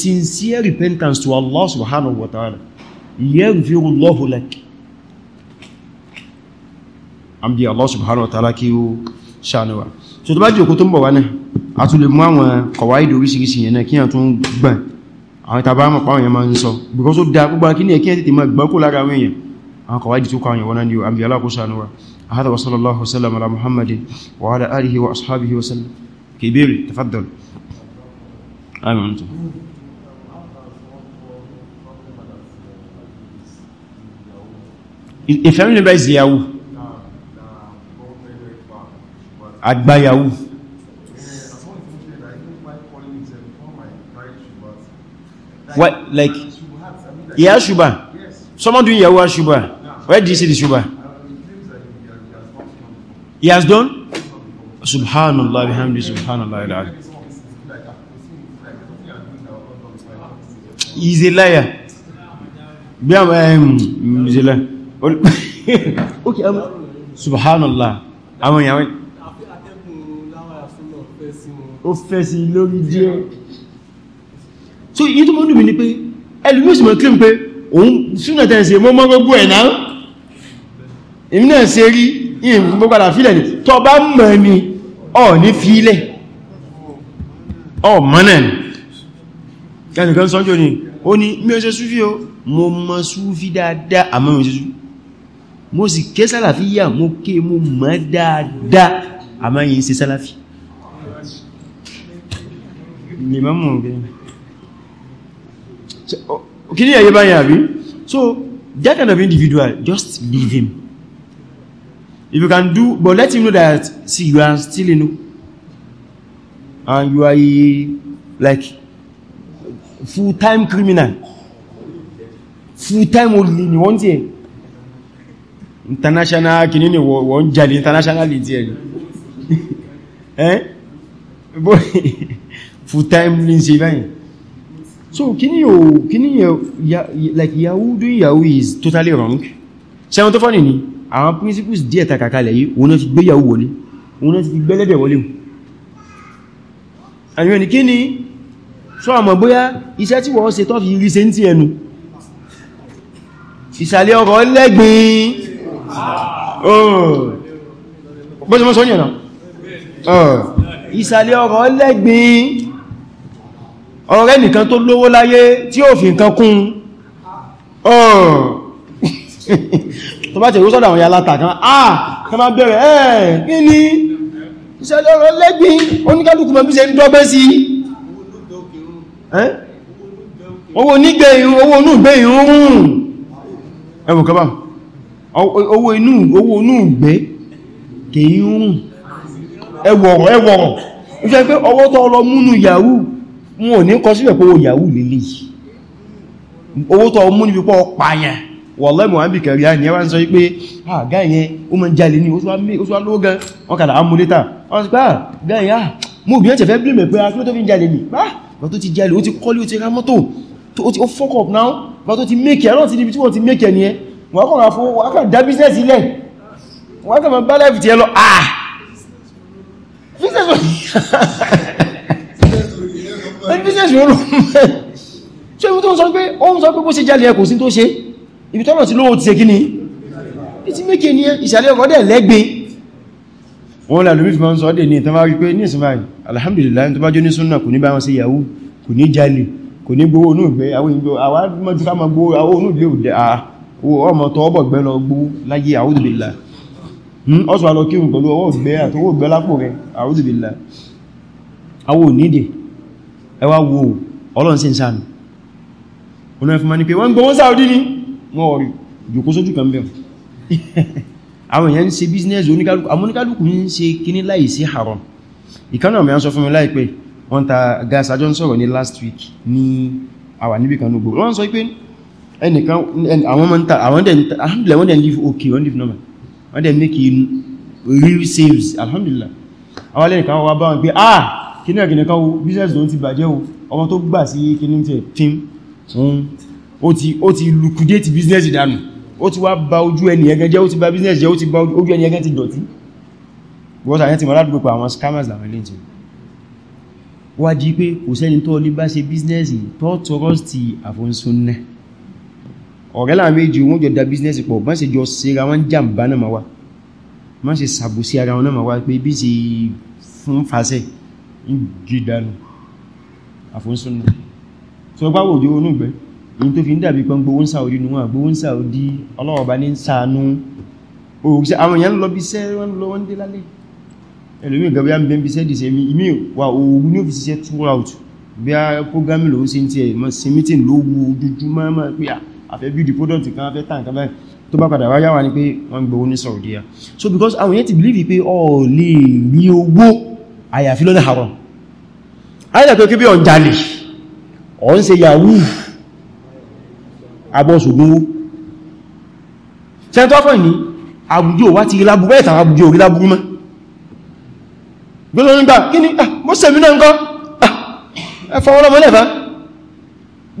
sincere repentance to Allah subhanahu wa ta'ala yaghfirullahu lak àmì Allah subhanahu wa ta'ala kí ó ṣàánúwà so tó bá jẹ́ òkú tó ń bọ̀ wá náà a tún lè mú àwọn kọ̀wáìdì oríṣiríṣi yẹn náà kí àtún gbà àwọn tàbá mọ̀ pàwọn yẹn máa ń sọ bùkọ́ tó dá gbogbo kí وسلم وعلى آله وأصحابه وسلم كبير تفضل أمين أنت ìfẹ́mìlì bá ìsìyàwó àgbàyàwó what like ìyá ṣùgbà someone doing ìyàwó ṣùgbà where did you see the ṣùgbà he has done subhanallah bihamdi subhanallah ilaha he's a liar bí àwọn ẹ̀yìn he's a liar okay um, subhanallah àwọn ìyàwó ó fẹ́ sí lórí díẹ̀ so yí tó mọ́ nù mí ní pé ẹlùmí òsìmọ̀ kí n pé òun súnà tẹ́ ṣe mọ́ mọ́ gbogbo ẹ̀ náà ìmìnà ṣe rí ìyìn gbogbo àdàfílẹ̀ ni tọba mọ̀ ni ọ̀ ní fi ilẹ̀ ọ̀ mọ́nà ní ẹnìkan sọ́jọ́ ni ó ní mi ò ṣe súfí o mo mọ̀ súfí dáadáa àmọ́ mi ò ṣe súfí mo sì ké sálàfíyà mo ké mo mọ̀ dáadáa àmọ́ yìí ṣe sálàfí kí ni ẹ̀yẹ báyìí àbí so that kind of individual just leave him if you can do but let him know that see you are still in and you are a like full-time criminal full-time only ni wọ́n tí international kìíní ni wọ́n jàlẹ̀ international lè eh? ẹ̀ full-time ní ṣe báyìí so kìíní yóò kìíní yóò like Yahoo doing Yahoo is totally wrong ṣẹun tó fọ́nì ni àwọn principles díẹ̀ takakalẹ̀ yìí wọ́n ti gbéyàwó wọlé wọ́n ti gbẹ́lẹ́dẹ̀ wọlé àyíwẹ̀ ní kí ni sọ àmọ̀ bóyá iṣẹ́ tí wọ́n ṣe tó fi rí se ń tí ẹnu ìsàlẹ̀ ọkọ̀ lẹ́gbìn ìsàlẹ̀ ọkọ̀ lẹ́gbìn ọ̀rẹ́ nìkan tó lówó láyé tí ó fi nǹkan kún ọ̀rọ̀ tó bá tẹ̀rú sọ́dọ̀ àwọn yàlátà kan ah ká má bẹ̀rẹ̀ ẹ̀ kí ni ìṣẹ́lẹ̀ ọ̀rọ̀ lẹ́gbìn oníkálùkù mọ̀ bí ṣe ń dọ́gbẹ́ sí owó nígbẹ̀ irun owó inú gbé irun rùn ẹwùn kọba owó inú owó inú gbé kèyí rùn ẹwọ̀rọ̀ ẹwọ̀rọ̀ ìṣẹ́ pé ọwọ́ tọ́ lọ múnú yahoo wọn ò ní kọ síbẹ̀ pé owó yahoo lélẹ̀ owó tọ́ múnú wallahi mọ̀hábì kẹrì á ní ẹwà ń sọ ah, pé àgáyẹn ah, ah, o mọ́ jalè ní oṣù alówó gan wọn kàdà amúlétà wọ́n ti pé àgáyẹn á mú bí ẹ̀tẹ̀ fẹ́ bí mẹ̀ pé akúrò tó fi ń jalè ní bá tó ti jalè ó ti kọ́lé ó ti ra fuck up now bá tó ti mẹ́kẹ̀ ẹ̀rọ ti níbi tí wọ́n ti mẹ́kẹ̀ ni ẹ wọ́n kọ̀ ra fún wọ́n kàn business ilẹ̀ wọ́n kàn máa bá láìfì ti ẹ lọ ah business yóò lọ mẹ́ ṣe mú tó ń sọ pé ó ń sọ pé bó ṣe jalè ẹ kò sí tó ṣe ibi tọ́nà tí lówó ti ṣe gíní ìtí mékè ní ìṣàlẹ̀ ọkọ̀ dẹ̀ lẹ́gbẹ̀ wọ́n lè lórí fi máa ń sọ́dẹ̀ ní ìtàn bá rí pé ní ìsinmi alhamdulillah tó bá jọ ní súnnà kò ní bá wọn sí yahoo kò ní jalè kò ní gbówó inú ìgbé àwọn ìgbó àwọn mọ́júká ma gbówó àwọn inú ìlé òdẹ̀ ọmọ tó ọbọ̀ gbẹ́ lọ gbó láyé àwúdìbìlá hmm, ọ́sọ̀ alọ kírùn pẹ̀lú ọwọ́ gbẹ́ wọ́n rí jùkú sójú kan bẹ̀rẹ̀ àwọn èèyàn se business oníkálùkù àwọn oníkálùkù se ṣe kíní láì sí haram ìkánà mẹ́rin sọ fún mi láìpẹ́ wọ́n ta gas ajọ́ sọ̀rọ̀ ní last week ní àwà níbi kan lógbò wọ́n sọ pé ẹnìkan àwọn ọmọ ń ta àwọn dẹ̀ ń live okay wọ́n real saves alhamdulillah àwọn alẹ́nìkan wọ́n wá bá wọn pé ah business don ti bàjẹ́ o ọmọ tó gbà sí kíní tẹ̀ ó ti ó ti liquidate business ìdánù ó ti wá ba ojú ẹni ẹgẹn jẹ́ ó ti ba business jẹ́ ó ti ba ojú ẹni ẹgẹn ti dọ̀tí wọ́n tàyẹ́ ti mọ́ ládùgbò pa àwọn scammers àwọn ilé ìtìlẹ̀ wá jí pé kò sẹ́ni tó lè bá ṣe business tó tọrọ sí àfọ́nsúnnẹ́ ọ̀rẹ́ láà da business pọ̀ bá ṣe jọ síra wọn jàmbá náà ma wá má ṣe sàbòsí ara wọn náà ma wá pé bí onúgbẹ́ ní tó fi ń dàbí pọ́n gbówó ń Saudi ní wọn gbówó ń Saudi ọlọ́ọ̀bá ní sàánú òòrùsẹ́ àwọn èèyàn lọ bí iṣẹ́ wọ́n lọ wọ́n dé lálẹ́ ẹlòmí ìgbàbí àmì bẹ́m̀bí iṣẹ́ dìṣẹ́ mi ìmí wà òòrùn ní òfìsẹ́ throughout bí a programme lòó sí ti ẹ̀ mọ́ sí meeting ló wu ojoojúmọ́ máa pé àfẹ́ build product kan afẹ́ tàn kan báyìí tó bá padà wáyá wà ní pé wọ́n gbówó Saudi so because àwọn èèyàn ti believe pé ọ lè rí owó àyàfi lọ́nà haram ayàtọ̀ kí bí ọ̀n jalè ọ̀n ṣe yahoo abọ́sùgbúnwó tẹ́ntọ́fọ́ ní àbújò wá ti lábú bẹ́ẹ̀ta àbújò orí lábú mọ́ gbẹ́lọ nígbà kí ni ah, mọ́ sẹ̀mí náà nǹkan ah, ẹfọwọ́lọ́mọ́lẹ́fà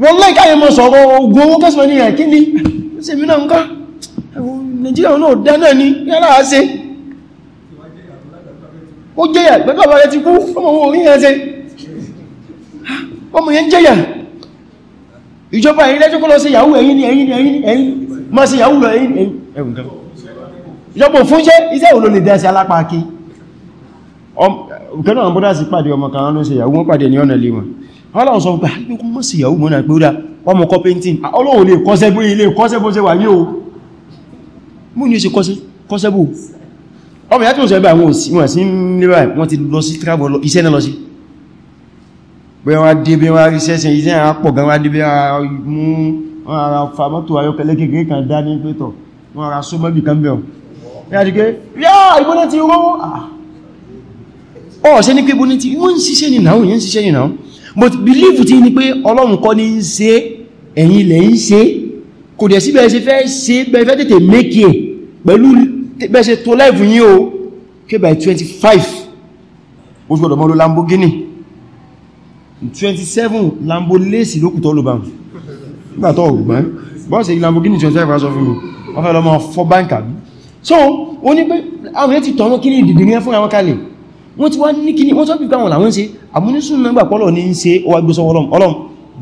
wọ́n láìkáyẹ mọ́ sọ̀rọ̀ ogun owó kẹsìmọ́ ní ẹ̀ kí ni sẹ̀mí náà nǹkan Nàìjíríà náà dá náà ní yálà á se ó jẹ́yà gbẹ́gbẹ́ ìjọba ẹ̀yìn lẹ́jọ́ kó lọ sí yahoo ẹ̀yìn ẹ̀yìn ẹ̀yìn ẹ̀yìn ma sí yahoo lọ ẹ̀yìn ẹ̀yìn ẹ̀wùn gan ìjọba fún jẹ́ iṣẹ́ òun ló lè dẹ́ẹ̀sẹ̀ alápáàkí ọ̀kẹ́nà àwọn bọ́dá sí pàdé ọmọ kan ló sí yahoo wọ́n pàdé ní ọ̀nà ilé wọn ọlọ́run sọ pé àgbẹ̀kú mọ́ sí yahoo mọ́nà pé ó dá ọmọ kọ́ pẹ́ntín ah, ọlọ́run lè kọ́sẹ́ bó ilé kọ́sẹ́ bó ṣe wà yóò mú ní ṣe kọ́sẹ́ bó ọmọ ìyá tó sọ ẹgbẹ́ àwọn òsì wọn sí ń lé báyìí wọ́n ti lọ sí travel iṣẹ́ náà lọ sí bóyá wá dé bí wá rí sẹ́sìn ìsẹ́ àwọn pọ̀ gan wá dé bí ara mú wọn ara fa mọ́tò ayọ́kẹ́lẹ́ kékeré kan dá ní pẹ́tọ̀ wọn ara só mọ́bì kan bẹ̀rọ yá jíké yá ìbóná ti rọ́ ah. ọ̀ ṣe ní pé ìbóná ti wọ́n ń ṣiṣẹ́ ní náà yẹn ń ṣiṣẹ́ ní náà but believe ti ni pé ọlọ́run kọ́ ní ń ṣe ẹ̀yin lẹ̀ ń ṣe kò dẹ̀ sí bẹ́ẹ̀ ṣe fẹ́ ṣe bẹ́ẹ̀ fẹ́ tètè make it pẹ̀lú bẹ́ẹ̀ ṣe tó life yín o kébà 25 oṣù ọ̀dọ̀mọ́lú Lamborghini 27 lambo lèsì lókù tó ló bá nígbàtọ̀ ògbọ́n bọ́ọ̀sì Lamborghini 25 aṣọ fún mi wọ́n fẹ́ lọ mọ́ fọ́ báńkà bí so ó ní pé àwọn èyí ti tọ̀nà kí ní ìdìdì ní fún àwọn kalẹ̀ wọ́n ti wá ní kí ní wọ́n tọ́pì káwọn làwọn ṣe àmúnisùn mẹ́gbà pọ́lọ̀ ní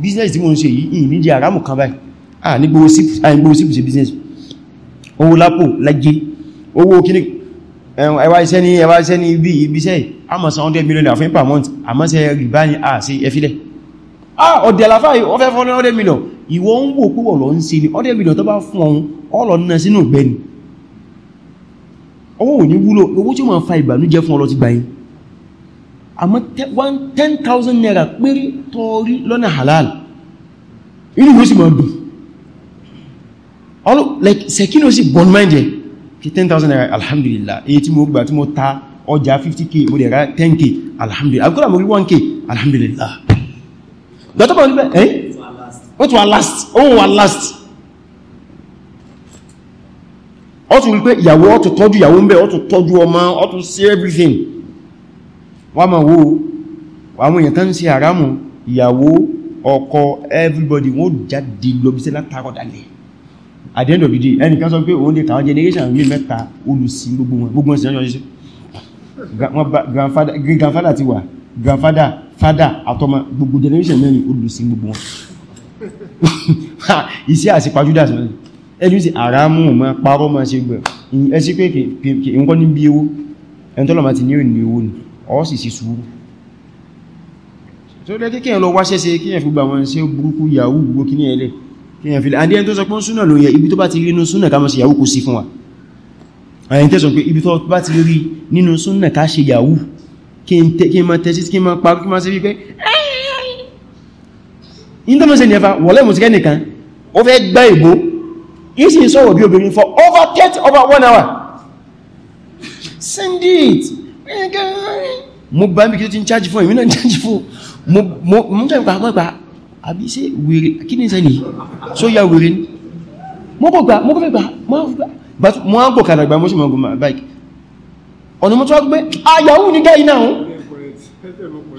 business tí mo ń ṣe yìí ní di àrámù kan báyìí à ní gbogbo sípù ṣe business owó lápò lájé owó ẹwà iṣẹ́ ní ẹwà iṣẹ́ ní ibi ibiṣẹ́ àmọ́sán 100 million àfin per month àmọ́sẹ̀ rìbá ah, ní à sí ẹfilẹ̀ ah ọdẹ àlàfà ọfẹ́ fún 100 million ìwọ ń wò púpọ̀ lọ ń ṣe ní 100 million tó bá fún ọun ọlọ̀ náà sínú gbẹni owó ò ní wúlò owó tí ó máa fa ìbànújẹ́ fún ọlọ́ ti gbáyìn àmọ́ naira péré tọrí lọ́nà halal inú ìwé sì máa dùn like sekino sì bọ́n mind yẹn kí 10,000 naira alhamdulillah èyí tí mo gbà tí mo ta ọjà 50k mo dẹ̀ ra 10k alhamdulillah akọ́lá mo rí 1k alhamdulillah dọ́tọ́bọ̀ níbẹ̀ ẹ́ wọ́n tún wà last ohun wà last ó tún rí pé ìyàwó ó tún tọ́jú ìyàwó ń bẹ ó tún tọ́jú ọmọ ó tún sí everything wà máa wo àwọn èèyàn tán sí àrámù ìyàwó ọkọ everybody wọ́n jáde lọ bí sẹ́ látàrọ̀dálẹ̀ at the end of the day ẹnìkan sọ pé òun lè kàwọn generation ní mẹ́ta olùsí gbogbo wọn gbogbo ìsìnjọ́ ṣe grandfather ti wà grandfather father àtọmọ gbogbo generation mẹ́rin olùsí gbogbo wọn iṣẹ́ àṣepajúdà sọ́rọ̀ ẹjú sí àrámù ma parọ́ ma ṣe gbẹ̀ ẹsí pé nǹkan ní bí ewó ẹni tọ́lọ̀mà ti ní òní ewó ni ọ́ sì sí sùúrù tó lẹ́kẹ́kẹ́ lọ wáṣẹ́ ṣe kíyàn fi gbà wọn ṣe burúkú yahoo gbogbo kíní ẹlẹ́ kíyàn fi àdíyàn tó sọ pọ́n súnà ló yẹ ibi tó bá ti rí nínú súnà ká mọ́ sí yàwó kò sí fún wa àyìn tẹ́sàn pé ibi tó bá ti rí nínú súnà ká ṣe yàwó kí ma tẹ́sí kí ma parí kí ma sí wípé in tó mọ́ sí ní ẹfà wọ́lẹ̀ mọ́ sí kẹ́nìkan ó bí for over 30 over one hour send it mo bá mi kí tó ti ń chájì fún ìmìnà chájì fún mo jẹ́ ìpàmọ́ àbí ṣe wèrè kí ní sẹ́ni so ya wèrè ní mọ́kànlá mọ́kànlá mọ́ á gbọ̀kàdà gbà mọ́ṣí mọ́gbọ̀n báyìí ọ̀nà mọ́tí wá gbé ayàwó ní gáì náà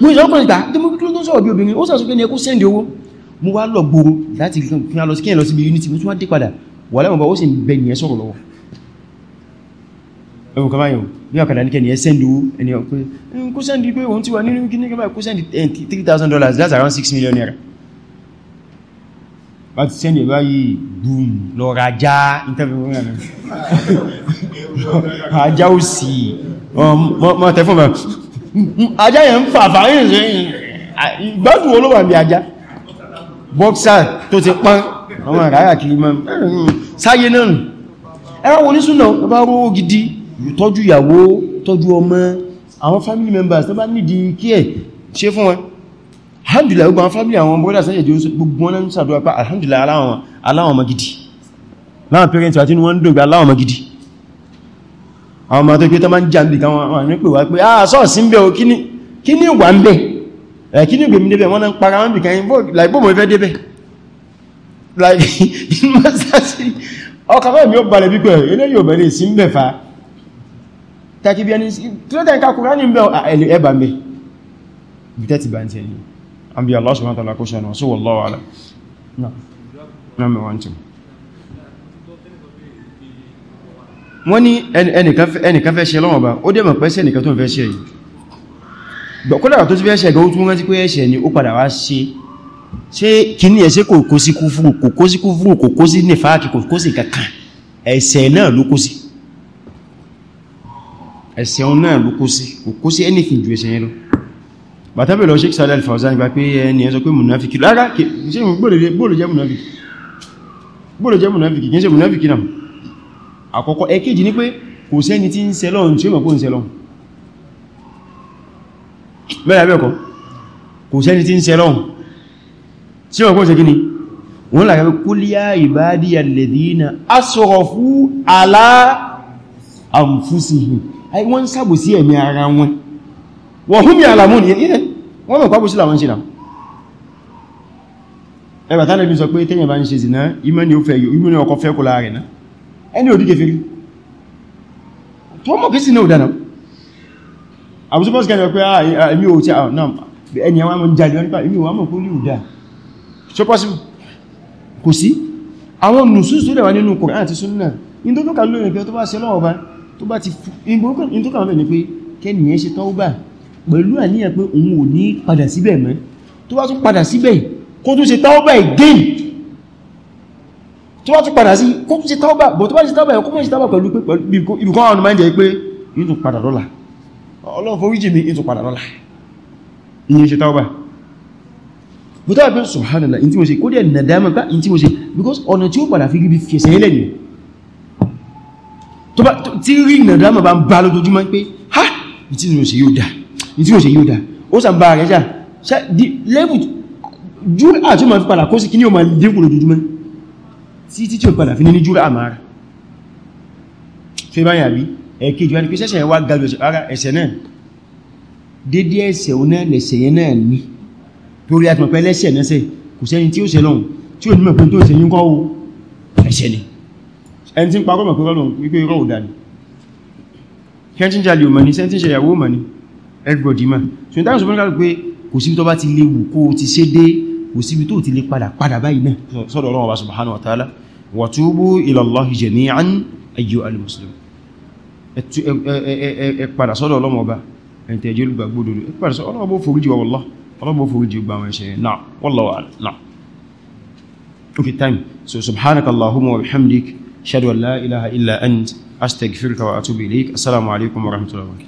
mú ìṣọ́kùnrin gbà tí mú kíló tó sọ̀rọ̀ bí obìnrin ó sàṣúgbé ní ẹkú sẹ́ndì owó mú wá lọ gbòrò láti fún alọ sí kí ẹ lọ sí ibi unity mú tún wá dé padà wà lẹ́mọ̀bá ó sì ń bẹ ní ẹ sọ̀rọ̀ lọ́wọ́ ẹwọ kama yóò bí ọ̀kadà ní kẹni ẹ sẹ́ndì owó ẹni ọ̀pẹ́ kó sẹ́ndì that's around 6 million naira bá ti sẹ́ndì báyìí boom lọ rajá interview ajá ò sí mọ́ tẹ́fún bá ajá yẹn ń fà fàáyìn sí gbádùn olówà bí ajá bọ́ksà tó ti pán àwọn àráyà kiri mọ́ sáyé náà ẹwà wọn ní súnà bá rú gidi tọ́jú ìyàwó tọ́jú ọmọ àwọn family members tó bá nídi kí ẹ̀ ṣe fún wọn alhamdulillah gbogbo àwọn family àwọn brother sẹ́yẹ̀ jẹ́ gbogbo wọn ń ṣàdúrà pé alhamdulillah ala ọmọ gidi láwọn parents àti wọ́n ń dògbà aláwọn ọmọ gidi àwọn ọmọ tó pé tó máa ń jà ń bè káwọn àwọn àwọn ìpè wá pé ah sọ́ọ̀sí ń bẹ̀ o kí ní wà ń bẹ̀ kí ní gbèmí débẹ̀ wọ́n ń para wọn bì kan láìbò mọ̀ ìfẹ́ débẹ̀ ọkà báyìí ó balẹ̀ pípẹ̀ eléyìí ò bẹ̀rẹ̀ sí ń bẹ̀ fa takibiyanis tí ó tẹ́ ń kakùrá ah, ní ń bẹ̀ ẹ̀bà mẹ́ bí tẹ́ ti bá ń tẹ́ yìí an bí Allah subhanahu wa ta'ala kó ṣe ẹnu sí wallahu a'lam wọ́n ní ẹnìkan fẹ́ ṣe lọ́wọ́ bá ó dẹ̀mọ̀ pẹ́ sí ẹnìkan tó fẹ́ ṣe yìí gbọ̀kọ́dà tó ti fẹ́ ṣe ẹ̀gọ́ tó rántí pé ẹ̀ṣẹ̀ ni ó padà wá ṣe ṣe kìíní ẹ̀ṣẹ̀ kò kó sí kúfúrù kò kó sí kúfúrù kò kò kó sí kankan ẹ̀ṣẹ̀ náà ló kó sí ẹ̀ṣẹ̀ náà ló kó sí kò kó sí anything ju ẹ̀ṣẹ̀ yẹn lọ bàtàbẹ̀ lọ Sheikh Saalih Al Fawzān gba pé ẹni ẹ sọ pé munafiki lára ṣe bóòlù jẹ́ munafiki bóòlù jẹ́ munafiki kìí ṣe munafiki náà àkọ́kọ́ ẹ̀kejì ní pé kò sẹ́ni tí ń ṣe lọ́n tí ó mọ̀ kó ń ṣe lọ́n bẹ́ẹ̀ abẹ́ẹ̀kọ́ kò sẹ́ni tí ń ṣe lọ́n tí wọ́n lára sí ẹ̀mí ara wọn wa hum ya'lamūn wọ́n mọ̀ pápù sí làwọn ṣìnà ẹgbà tánà bí sọ pé tẹ́yìn bá ń ṣe zìná ìmọ̀ ni ó fẹ́ yóò ìmọ̀ ni ọkọ̀ fẹ́ kó láàrin náà ẹni òdí kèfèrí tó mọ̀ kí sí náà dánà àbúsọ́pọ̀ sí kẹjọ pé àmì ah, ò tí ah, àwọn náà ẹni àwọn mọ̀ jàdì wọn nípa ìmì wà mọ̀ ti fún in tó kà lórí pé kẹ́nìyàn ṣe tọ́wọ́ pẹ̀lú àníyàn pé òun ò ní padà síbẹ̀ mọ́ tó bá tún padà síbẹ̀ kó tún ṣe táọ́bà again tó bá tún padà sí kó tún ṣe táọ́bà bọ̀ tó bá ṣe táọ́bà kó mọ́ ṣe táọ́bà pẹ̀lú ibùkọ́ àwọn ọmọ ìjẹ́ pé yíò tún padà lọ́la ọlọ́run foríjì mi yíò tún padà lọ́la ní ṣe táọ́bà bó tó tí because ọ̀nà tí ó padà fi rí bí fẹsẹ̀ ilẹ̀ ni tí rí nàdámà bá ń bá lójoojúmọ́ pé ha ìtí mo ṣe yóò dáa tí ó ṣe yóò dá ó sàn bá rẹ̀ ṣá júrà tí ó ma fi padà kó sí kí ní o ma dínkù lójújúmọ́ tí tí tí ó padà fi ní ní júrà mara tó ibáyà bí ẹ̀kejì wá ní pé sẹ́sẹ̀ wá gajù ara ẹ̀ṣẹ̀ náà dédé ẹ̀ṣẹ̀ o náà lẹ̀ṣẹ̀ yẹn náà ní torí àti mọ̀pẹ́ lẹ́ṣẹ̀ náà sẹ́ kò sẹ́ni tí ó ṣe lọ́hun tí ó ní mọ̀pẹ́ tó ṣe yínkọ́ o ẹ̀ṣẹ̀ ni ẹni tí ń parọ́ mọ̀pẹ́ rọrùn wípé rọ̀ ò dà ní kẹ́ntíjà lè ò mọ̀ ní sẹ́ntíjà ìyàwó mọ̀ ní everybody ma so in terms of medical pé kò síbi tó bá ti lè wù kó ti ṣe dé kò síbi tó ti lè padà padà báyìí náà sọ́dọ̀ Ọlọ́run wa subhanahu wa ta'ala wa tubu ila Allahi jami'an ayyuha al-muslimun ẹ padà sọ́dọ̀ Ọlọ́run Ọba ẹni tẹ́jẹ́ olùgbàgbódò ẹ padà sọ́dọ̀ Ọlọ́run bó foríjì wa wallah Ọlọ́run bó foríjì gbà wọn ẹ̀ṣẹ̀ náà wallahu a'lam náà okay time so subhanakallahumma wa bihamdik ashhadu an la ilaha illa ant astaghfiruka wa atubu ilayk assalamu alaikum wa rahmatullahi